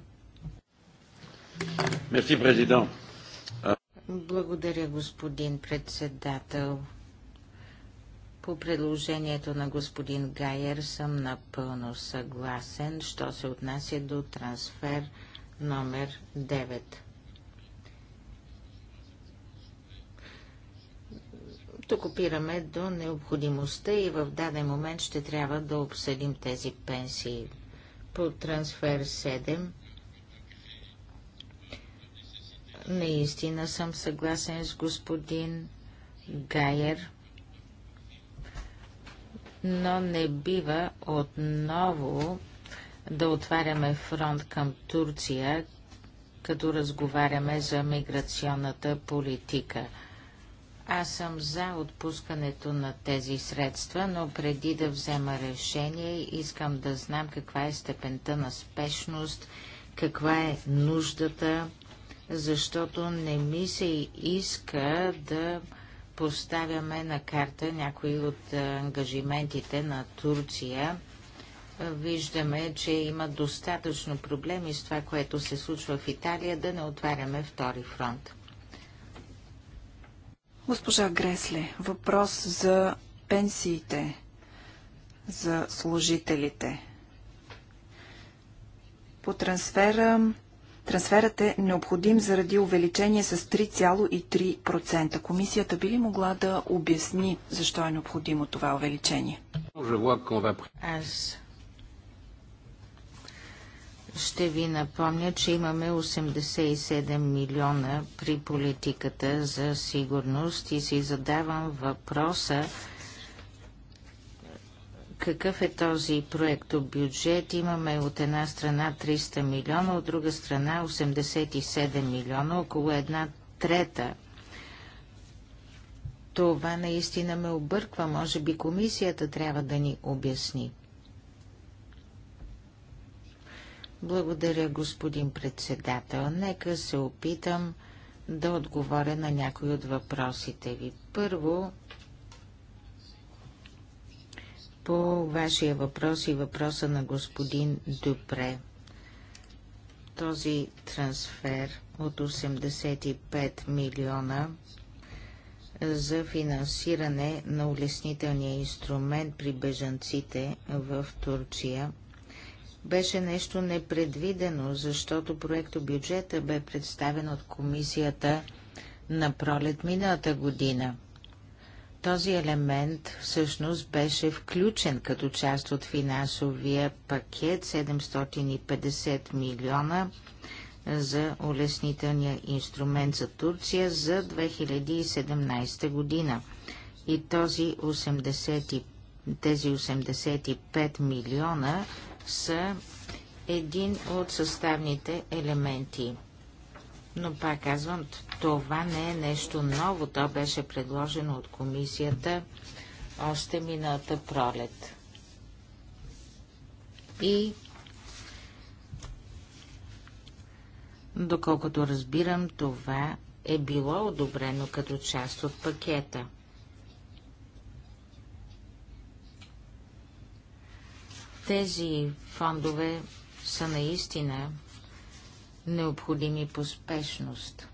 Благодаря, господин председател. По предложението на господин Гайер съм напълно съгласен, що се отнася до трансфер номер 9. Тук опираме до необходимостта и в даден момент ще трябва да обсъдим тези пенсии. По трансфер 7 наистина съм съгласен с господин Гайер – но не бива отново да отваряме фронт към Турция, като разговаряме за миграционната политика. Аз съм за отпускането на тези средства, но преди да взема решение, искам да знам каква е степента на спешност, каква е нуждата, защото не ми се иска да поставяме на карта някои от е, ангажиментите на Турция. Е, виждаме, че има достатъчно проблеми с това, което се случва в Италия, да не отваряме втори фронт. Госпожа Гресле, въпрос за пенсиите за служителите. По трансфера Трансферът е необходим заради увеличение с 3,3%. Комисията би ли могла да обясни защо е необходимо това увеличение? Аз ще ви напомня, че имаме 87 милиона при политиката за сигурност и си задавам въпроса какъв е този проект бюджет. Имаме от една страна 300 милиона, от друга страна 87 милиона, около една трета. Това наистина ме обърква. Може би комисията трябва да ни обясни. Благодаря, господин председател. Нека се опитам да отговоря на някои от въпросите ви. Първо, по вашия въпрос и въпроса на господин Дупре. Този трансфер от 85 милиона за финансиране на улеснителния инструмент при бежанците в Турция беше нещо непредвидено, защото проекто бюджета бе представен от комисията на пролет миналата година. Този елемент всъщност беше включен като част от финансовия пакет 750 милиона за улеснителния инструмент за Турция за 2017 година. И този 80, тези 85 милиона са един от съставните елементи. Но пак казвам, това не е нещо ново. То беше предложено от комисията още миналата пролет. И доколкото разбирам, това е било одобрено като част от пакета. Тези фондове са наистина необходими по спешност.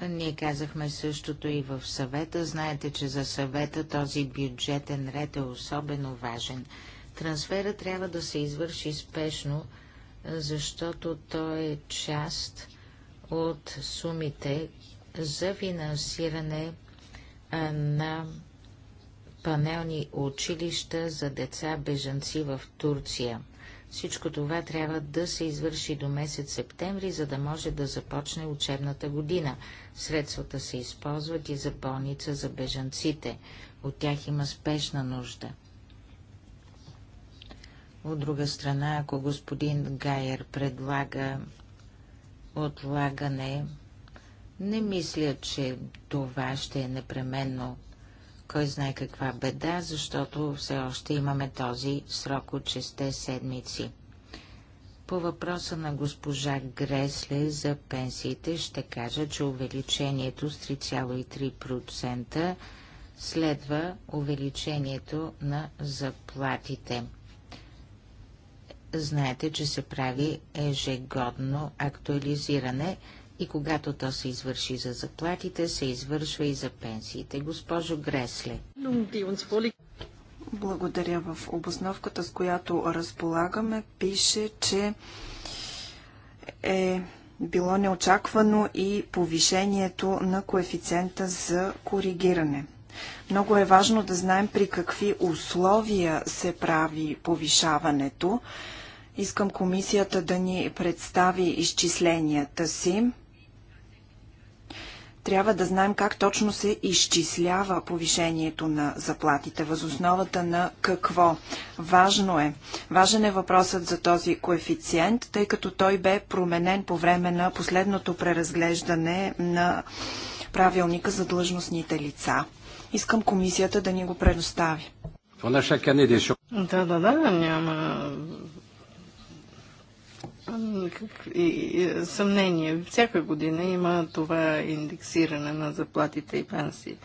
Ние казахме същото и в съвета. Знаете, че за съвета този бюджетен ред е особено важен. Трансфера трябва да се извърши спешно, защото той е част от сумите за финансиране на панелни училища за деца бежанци в Турция – всичко това трябва да се извърши до месец септември, за да може да започне учебната година. Средствата се използват и за болница за бежанците. От тях има спешна нужда. От друга страна, ако господин Гайер предлага отлагане, не мисля, че това ще е непременно кой знае каква беда, защото все още имаме този срок от 6 седмици. По въпроса на госпожа Гресле за пенсиите ще кажа, че увеличението с 3,3% следва увеличението на заплатите. Знаете, че се прави ежегодно актуализиране – и когато то се извърши за заплатите, се извършва и за пенсиите. Госпожо Гресле. Благодаря. В обосновката, с която разполагаме, пише, че е било неочаквано и повишението на коефициента за коригиране. Много е важно да знаем при какви условия се прави повишаването. Искам комисията да ни представи изчисленията си трябва да знаем как точно се изчислява повишението на заплатите, възосновата на какво. Важно е. Важен е въпросът за този коефициент, тъй като той бе променен по време на последното преразглеждане на правилника за длъжностните лица. Искам комисията да ни го предостави. Да, да, да, няма и е, съмнение. Всяка година има това индексиране на заплатите и пенсии,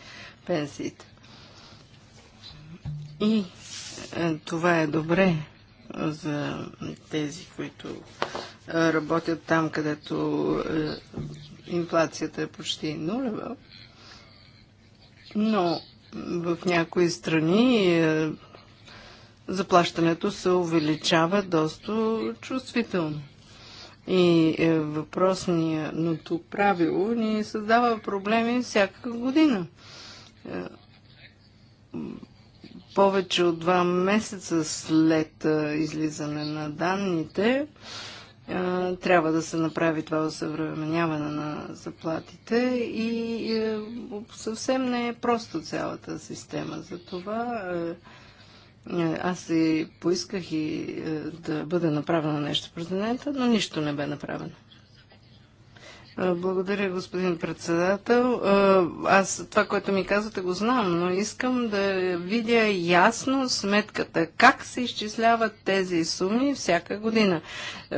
пенсиите. И е, това е добре за тези, които е, работят там, където е, инфлацията е почти нулева. Но в някои страни е, заплащането се увеличава доста чувствително. И е, въпросното правило ни създава проблеми всяка година. Е, повече от два месеца след е, излизане на данните, е, трябва да се направи това осъвременяване на заплатите и съвсем не е просто цялата система. За това е, аз и поисках и е, да бъде направено нещо президента, но нищо не бе направено. Е, благодаря, господин председател. Аз това, което ми казвате, го знам, но искам да видя ясно сметката. Как се изчисляват тези суми всяка година,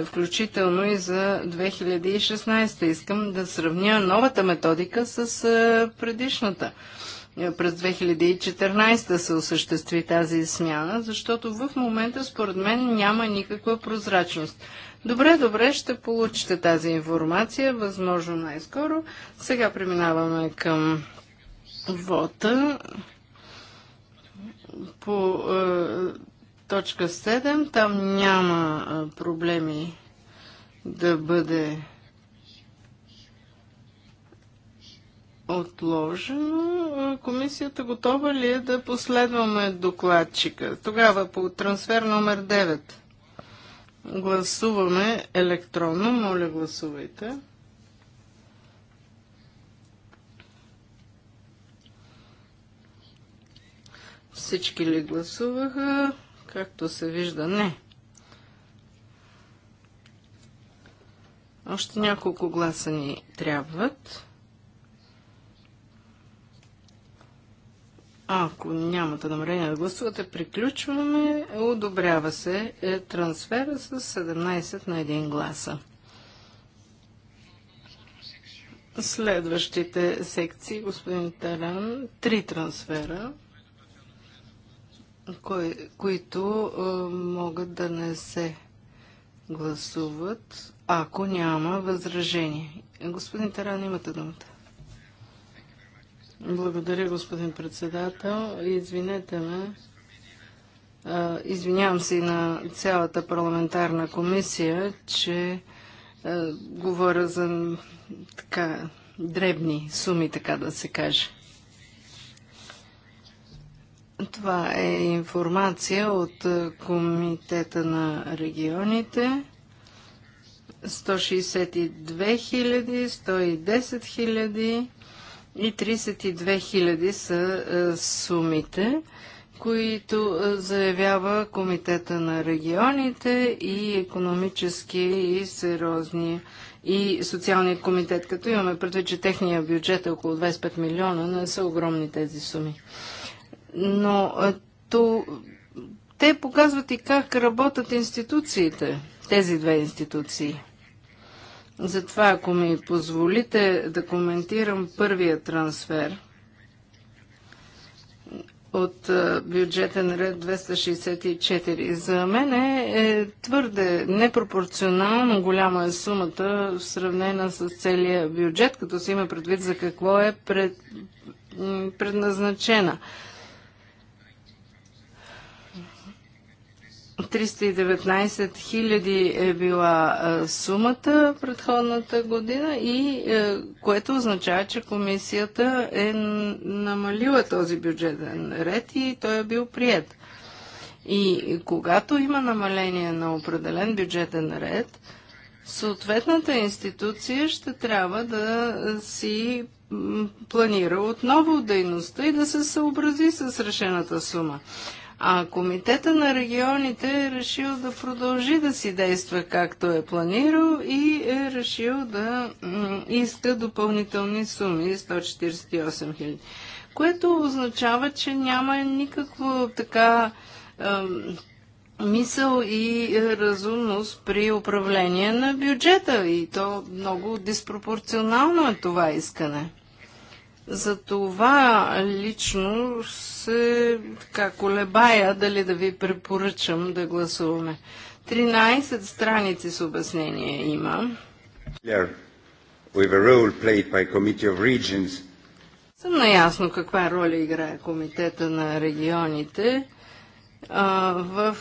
включително и за 2016. Искам да сравня новата методика с предишната. Е, през 2014 се осъществи тази смяна, защото в момента според мен няма никаква прозрачност. Добре, добре, ще получите тази информация, възможно най-скоро. Сега преминаваме към вота по е, точка 7. Там няма е, проблеми да бъде отложено. Комисията готова ли е да последваме докладчика? Тогава по трансфер номер 9 гласуваме електронно. Моля, гласувайте. Всички ли гласуваха? Както се вижда, не. Още няколко гласа ни трябват. Ако нямате намерение да гласувате, приключваме. Одобрява се е трансфера с 17 на 1 гласа. Следващите секции, господин Таран, три трансфера, кои, които е, могат да не се гласуват, ако няма възражение. Господин Таран, имате думата. Благодаря, господин председател. Извинете ме. Извинявам се и на цялата парламентарна комисия, че говоря за така дребни суми, така да се каже. Това е информация от Комитета на регионите. 162 000, 110 000 и 32 хиляди са е, сумите, които е, заявява Комитета на регионите и економически и сериозни и социалния комитет, като имаме предвид, че техния бюджет е около 25 милиона, не са огромни тези суми. Но е, то, те показват и как работят институциите, тези две институции – затова, ако ми позволите да коментирам първия трансфер от бюджетен ред 264. За мен е, е твърде непропорционално голяма е сумата в сравнена с целия бюджет, като се има предвид за какво е пред, предназначена. 319 000 е била сумата предходната година и е, което означава, че комисията е намалила този бюджетен ред и той е бил прият. И когато има намаление на определен бюджетен ред, съответната институция ще трябва да си планира отново дейността и да се съобрази с решената сума. А Комитета на регионите е решил да продължи да си действа както е планирал и е решил да иска допълнителни суми 148 хиляди. Което означава, че няма никакво така мисъл и разумност при управление на бюджета. И то много диспропорционално е това искане. За това лично се така, колебая дали да ви препоръчам да гласуваме. 13 страници с обяснение има. Съм наясно каква роля играе Комитета на регионите в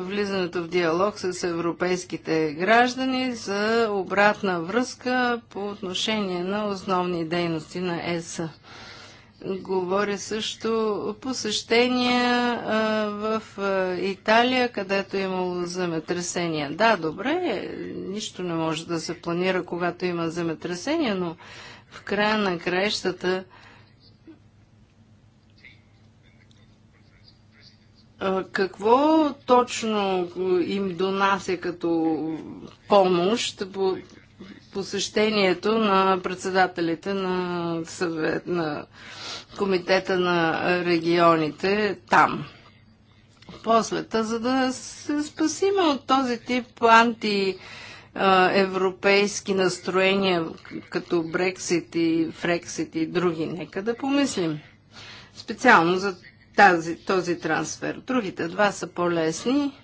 влизането в диалог с европейските граждани за обратна връзка по отношение на основни дейности на ЕС. Говоря също посещения в Италия, където е имало земетресения. Да, добре, нищо не може да се планира, когато има земетресения, но в края на краищата Какво точно им донася като помощ по посещението на председателите на, съвет, на Комитета на регионите там? Послета, за да се спасим от този тип анти европейски настроения, като Брексит и Фрексит и други. Нека да помислим. Специално за тази, този трансфер. Другите два са по-лесни.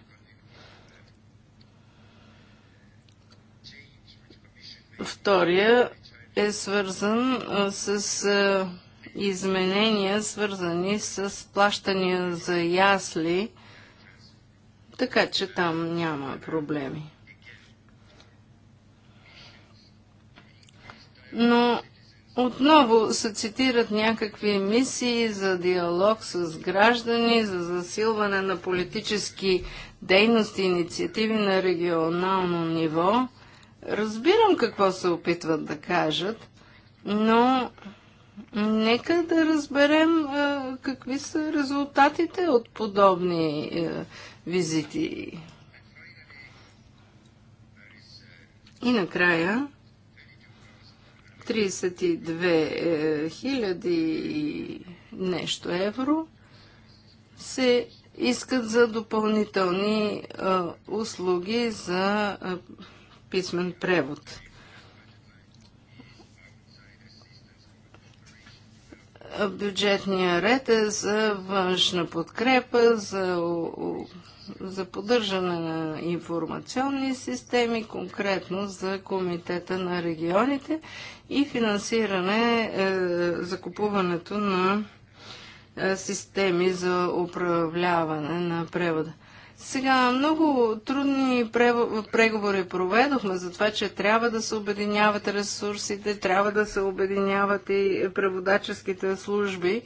Втория е свързан с изменения, свързани с плащания за ясли, така че там няма проблеми. Но отново се цитират някакви мисии за диалог с граждани, за засилване на политически дейности и инициативи на регионално ниво. Разбирам какво се опитват да кажат, но нека да разберем е, какви са резултатите от подобни е, визити. И накрая. 32 е, хиляди и нещо евро се искат за допълнителни е, услуги за е, писмен превод. Бюджетния ред е за външна подкрепа, за за поддържане на информационни системи, конкретно за Комитета на регионите и финансиране е, закупуването на е, системи за управляване на превода. Сега много трудни преговори проведохме за това, че трябва да се обединяват ресурсите, трябва да се обединяват и преводаческите служби.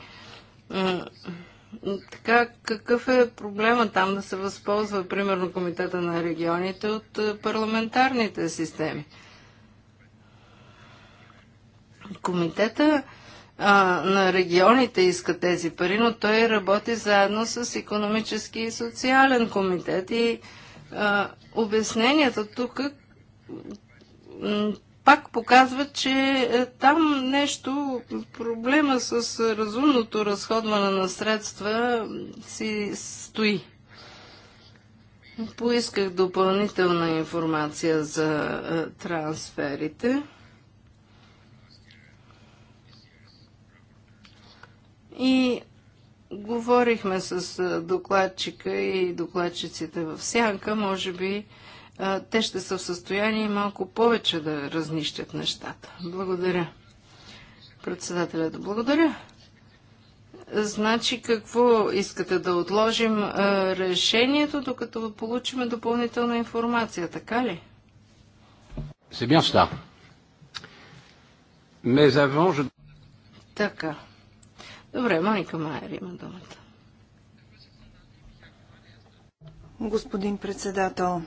Така, какъв е проблема там да се възползва, примерно, Комитета на регионите от е, парламентарните системи? Комитета а, на регионите иска тези пари, но той работи заедно с економически и социален комитет и а, обясненията тук пак показва, че е, там нещо, проблема с разумното разходване на средства си стои. Поисках допълнителна информация за е, трансферите. И Говорихме с докладчика и докладчиците в сянка, може би те ще са в състояние малко повече да разнищат нещата. Благодаря. Председателят, благодаря. Значи какво искате да отложим решението, докато получиме допълнителна информация, така ли? C'est bien cela. Mais avant, je... Така. Добре, Моника Майер има думата. Господин председател,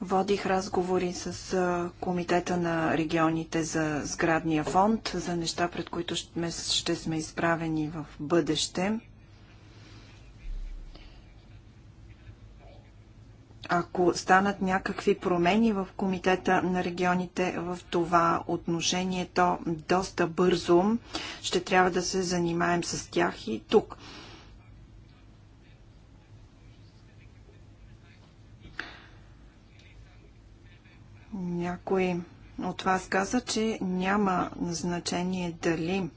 Водих разговори с Комитета на регионите за сградния фонд, за неща, пред които ще сме изправени в бъдеще. ако станат някакви промени в Комитета на регионите в това отношение, то доста бързо ще трябва да се занимаем с тях и тук. Някой от вас каза, че няма значение дали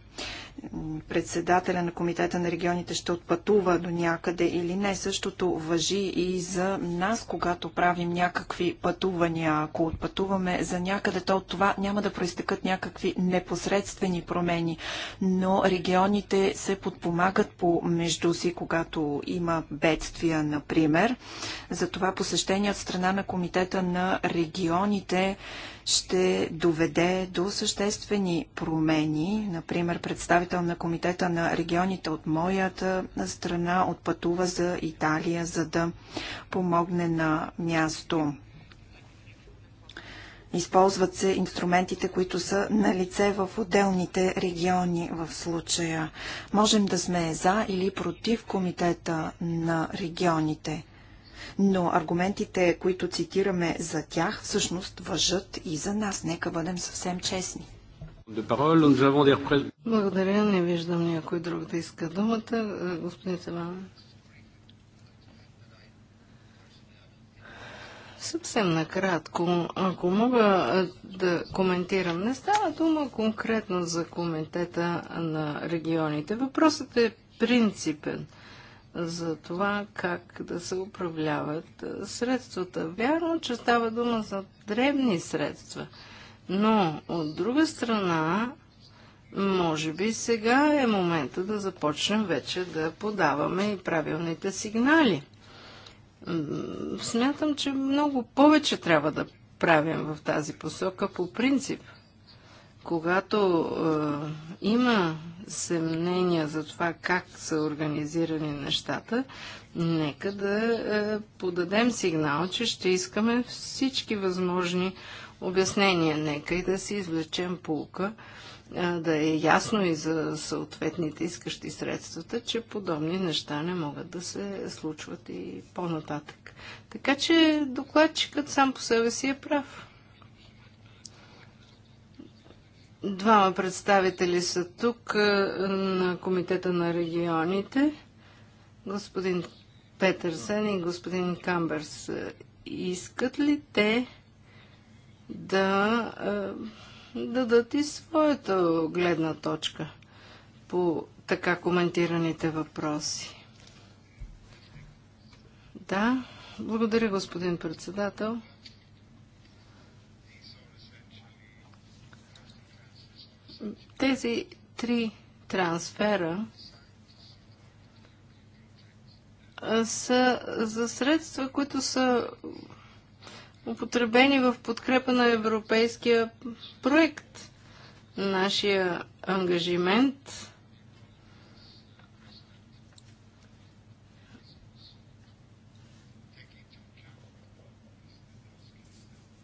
председателя на Комитета на регионите ще отпътува до някъде или не. Същото въжи и за нас, когато правим някакви пътувания. Ако отпътуваме за някъде, то от това няма да проистекат някакви непосредствени промени. Но регионите се подпомагат по между си, когато има бедствия, например. Затова посещение от страна на Комитета на регионите ще доведе до съществени промени. Например, представител председател на Комитета на регионите от моята страна отпътува за Италия, за да помогне на място. Използват се инструментите, които са на лице в отделните региони в случая. Можем да сме за или против комитета на регионите, но аргументите, които цитираме за тях, всъщност въжат и за нас. Нека бъдем съвсем честни. Благодаря. Не виждам някой друг да иска думата. Е, господин Севанов. Съвсем накратко, ако мога е, да коментирам. Не става дума конкретно за комитета на регионите. Въпросът е принципен за това как да се управляват е, средствата. Вярно, че става дума за древни средства – но, от друга страна, може би сега е момента да започнем вече да подаваме и правилните сигнали. Смятам, че много повече трябва да правим в тази посока по принцип. Когато е, има съмнения за това как са организирани нещата, нека да е, подадем сигнал, че ще искаме всички възможни обяснения. Нека и да си извлечем полка, да е ясно и за съответните искащи средствата, че подобни неща не могат да се случват и по-нататък. Така че докладчикът сам по себе си е прав. Двама представители са тук на Комитета на регионите. Господин Петърсен и господин Камберс Искат ли те да е, дадат и своята гледна точка по така коментираните въпроси. Да, благодаря, господин председател. Тези три трансфера са за средства, които са употребени в подкрепа на европейския проект. Нашия ангажимент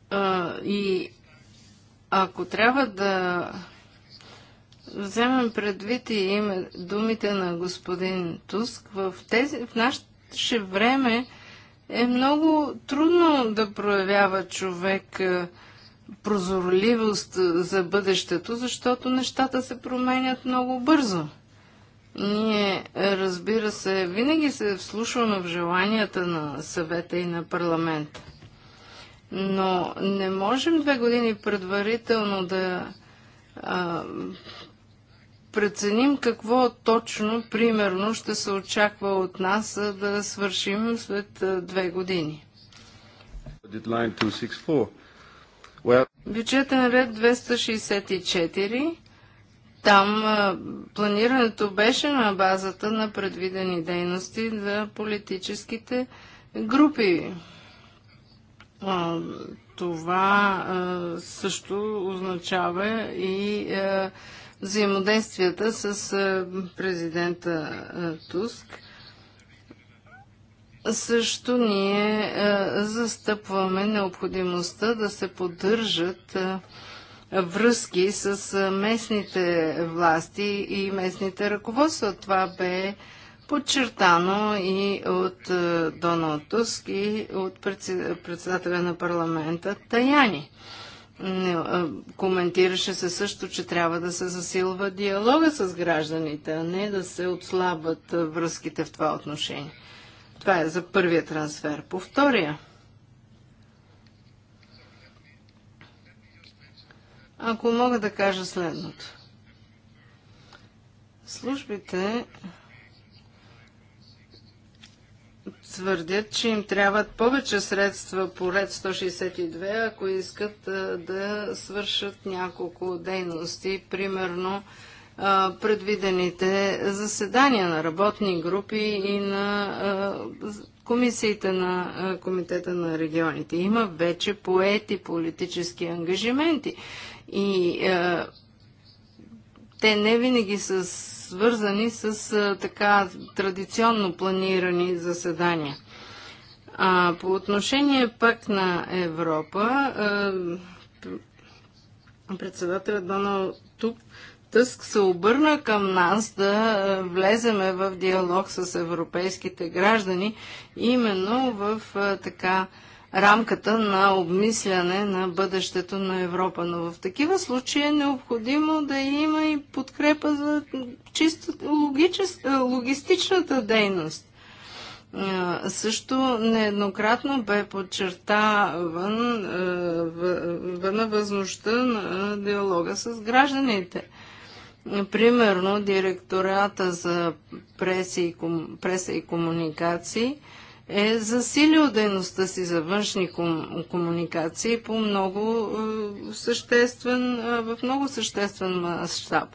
а, и ако трябва да вземем предвид и име, думите на господин Туск, в, тези, в наше време е много трудно да проявява човек е, прозорливост е, за бъдещето, защото нещата се променят много бързо. Ние, е, разбира се, винаги се вслушваме в желанията на съвета и на парламента. Но не можем две години предварително да а, преценим какво точно, примерно, ще се очаква от нас да свършим след две години. Бюджетен ред 264. Там планирането беше на базата на предвидени дейности за политическите групи. това също означава и взаимодействията с президента Туск. Също ние застъпваме необходимостта да се поддържат връзки с местните власти и местните ръководства. Това бе подчертано и от Доналд Туск и от председателя на парламента Таяни коментираше се също, че трябва да се засилва диалога с гражданите, а не да се отслабват връзките в това отношение. Това е за първия трансфер. По втория. Ако мога да кажа следното. Службите твърдят, че им трябват повече средства по ред 162, ако искат да свършат няколко дейности, примерно предвидените заседания на работни групи и на комисиите на Комитета на регионите. Има вече поети политически ангажименти и те не винаги с свързани с така традиционно планирани заседания. А, по отношение пък на Европа, председателя Доналд Тук Тъск се обърна към нас да влеземе в диалог с европейските граждани, именно в така рамката на обмисляне на бъдещето на Европа. Но в такива случаи е необходимо да има и подкрепа за чисто логичес... Е, логистичната дейност. Е, също нееднократно бе подчертаван е, вън, възможността на диалога с гражданите. Примерно, директората за преса и, ком... преса и комуникации – е засилил дейността си за външни комуникации по много е, съществен, е, в много съществен мащаб.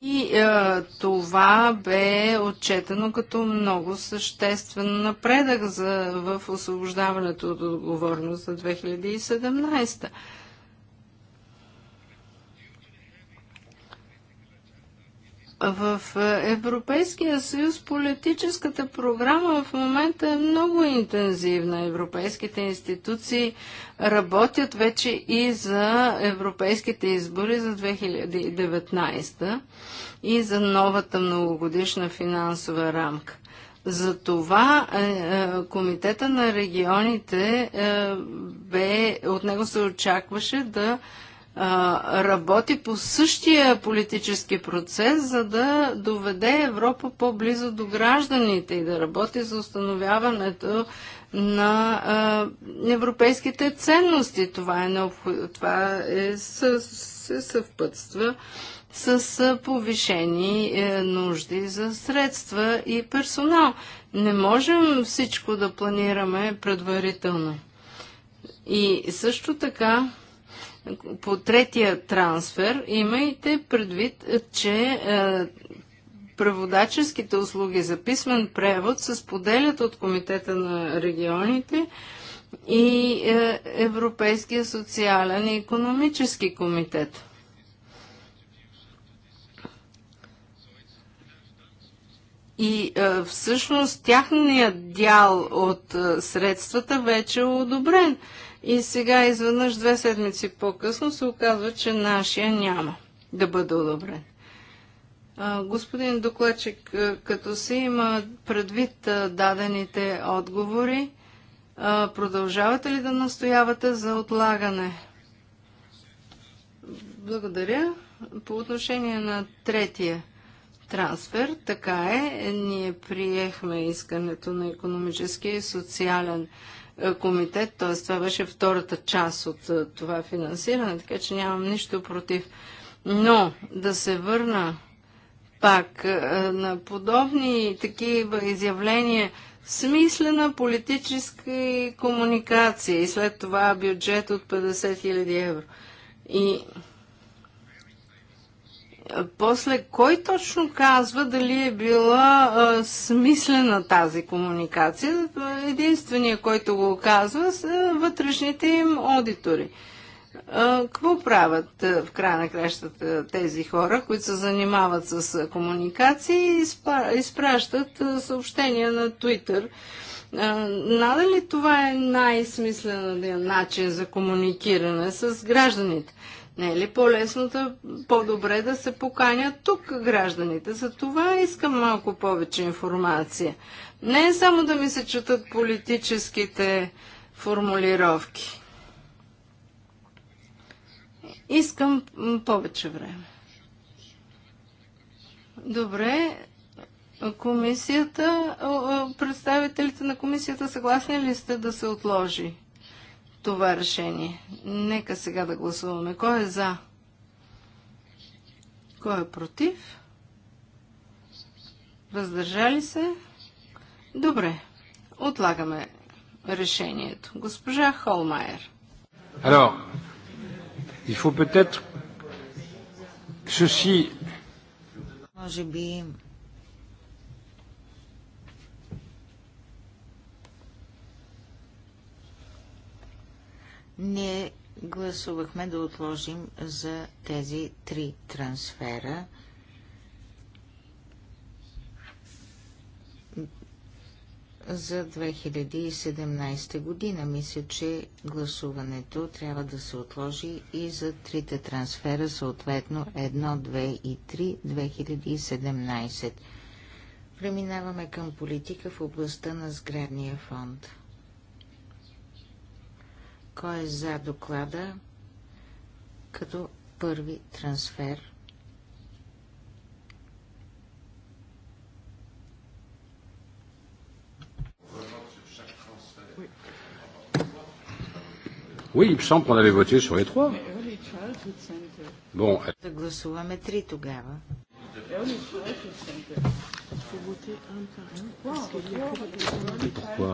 И е, това бе отчетено като много съществен напредък за, в освобождаването от отговорност за 2017. В Европейския съюз политическата програма в момента е много интензивна. Европейските институции работят вече и за европейските избори за 2019 и за новата многогодишна финансова рамка. Затова е, е, Комитета на регионите е, бе, от него се очакваше да работи по същия политически процес, за да доведе Европа по-близо до гражданите и да работи за установяването на а, европейските ценности. Това е, необход... Това е съ... се съвпътства с повишени е, нужди за средства и персонал. Не можем всичко да планираме предварително. И също така по третия трансфер, имайте предвид, че е, преводаческите услуги за писмен превод се споделят от Комитета на регионите и е, Европейския социален и економически комитет. И е, всъщност тяхният дял от средствата вече е одобрен. И сега изведнъж две седмици по-късно се оказва, че нашия няма да бъде одобрен. Господин докладчик, като се има предвид дадените отговори, продължавате ли да настоявате за отлагане? Благодаря. По отношение на третия трансфер, така е, ние приехме искането на економическия и социален комитет, т.е. това беше втората част от това финансиране, така че нямам нищо против. Но да се върна пак на подобни такива изявления, смислена политическа комуникация и след това бюджет от 50 000 евро. И после, кой точно казва дали е била а, смислена тази комуникация? Единствения, който го казва, са вътрешните им аудитори. какво правят а, в края на кращата тези хора, които се занимават с а, комуникации и изпращат а, съобщения на Твитър? Нада ли това е най-смислен начин за комуникиране с гражданите? Не е ли по-лесно да, по-добре да се поканят тук гражданите? За това искам малко повече информация. Не е само да ми се четат политическите формулировки. Искам повече време. Добре, комисията, представителите на комисията съгласни ли сте да се отложи? това решение. Нека сега да гласуваме. Кой е за? Кой е против? Въздържали се? Добре. Отлагаме решението. Госпожа Холмайер. Alors, il faut peut-être ceci. Може би Ние гласувахме да отложим за тези три трансфера. за 2017 година. Мисля, че гласуването трябва да се отложи и за трите трансфера, съответно 1, 2 и 3 2017. Преминаваме към политика в областта на сградния фонд. Кой е за доклада като първи трансфер? Oui, il me semble qu'on avait voté sur les trois. Bon. Pourquoi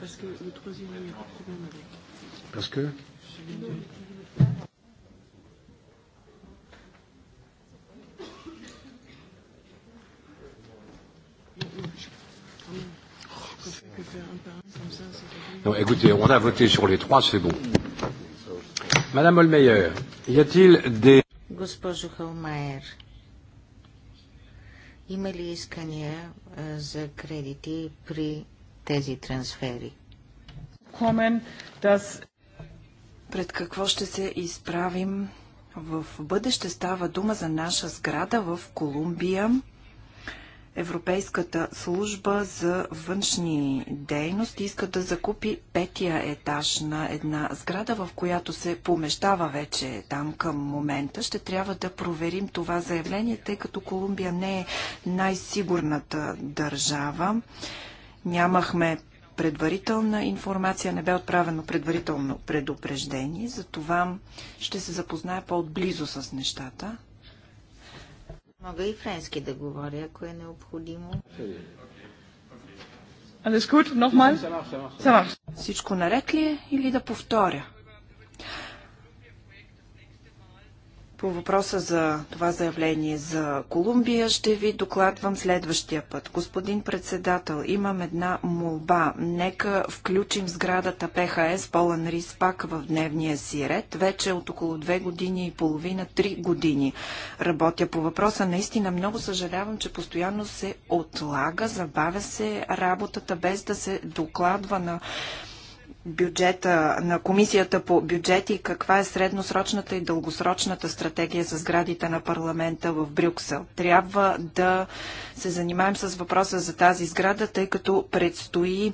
Parce que le troisième, il n'y a problème avec. Parce que. Non, écoutez, on a voté sur les trois, c'est bon. Madame Holmeyer, y a-t-il des... Госпожо Холмайер, има ли искания за кредити при тези трансфери? пред какво ще се изправим в бъдеще. Става дума за наша сграда в Колумбия. Европейската служба за външни дейности иска да закупи петия етаж на една сграда, в която се помещава вече там към момента. Ще трябва да проверим това заявление, тъй като Колумбия не е най-сигурната държава. Нямахме предварителна информация, не бе отправено предварително предупреждение, затова ще се запозная по-отблизо с нещата. Мога и френски да говоря, ако е необходимо. Alles Всичко наред ли е или да повторя? По въпроса за това заявление за Колумбия ще ви докладвам следващия път. Господин председател, имам една молба. Нека включим сградата ПХС Полан Рис пак в дневния си ред. Вече от около две години и половина, три години работя по въпроса. Наистина много съжалявам, че постоянно се отлага, забавя се работата без да се докладва на бюджета на Комисията по бюджети, каква е средносрочната и дългосрочната стратегия за сградите на парламента в Брюксел. Трябва да се занимаем с въпроса за тази сграда, тъй като предстои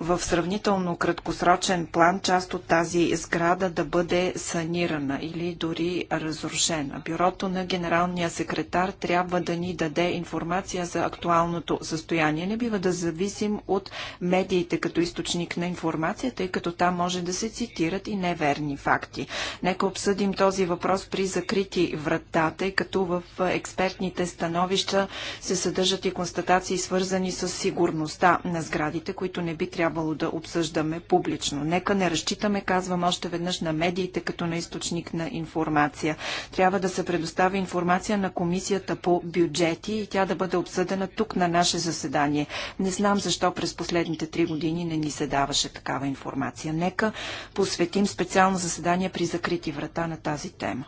в сравнително краткосрочен план част от тази сграда да бъде санирана или дори разрушена. Бюрото на генералния секретар трябва да ни даде информация за актуалното състояние. Не бива да зависим от медиите като източник на информация, тъй като там може да се цитират и неверни факти. Нека обсъдим този въпрос при закрити врата, тъй като в експертните становища се съдържат и констатации свързани с сигурността на сградите, които не би трябвало трябвало да обсъждаме публично. Нека не разчитаме, казвам още веднъж, на медиите като на източник на информация. Трябва да се предостави информация на комисията по бюджети и тя да бъде обсъдена тук на наше заседание. Не знам защо през последните три години не ни се даваше такава информация. Нека посветим специално заседание при закрити врата на тази тема.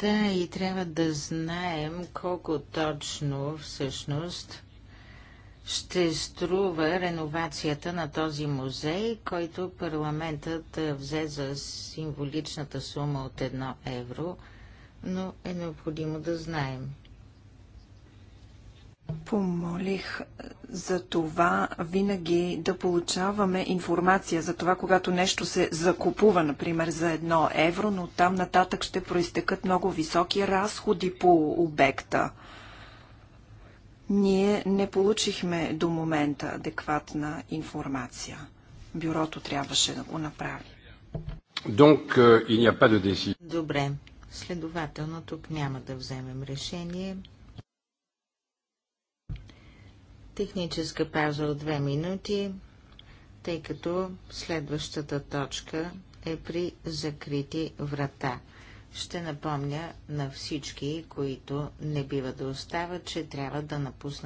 Да, и трябва да знаем колко точно всъщност ще струва реновацията на този музей, който парламентът е, взе за символичната сума от едно евро, но е необходимо да знаем. Помолих е, за това винаги да получаваме информация за това, когато нещо се закупува, например, за едно евро, но там нататък ще проистекат много високи разходи по обекта. Ние не получихме до момента адекватна информация. Бюрото трябваше да го направи. Donc, euh, de Добре. Следователно, тук няма да вземем решение. Техническа пауза от две минути, тъй като следващата точка е при закрити врата. Ще напомня на всички, които не бива да остават, че трябва да напуснат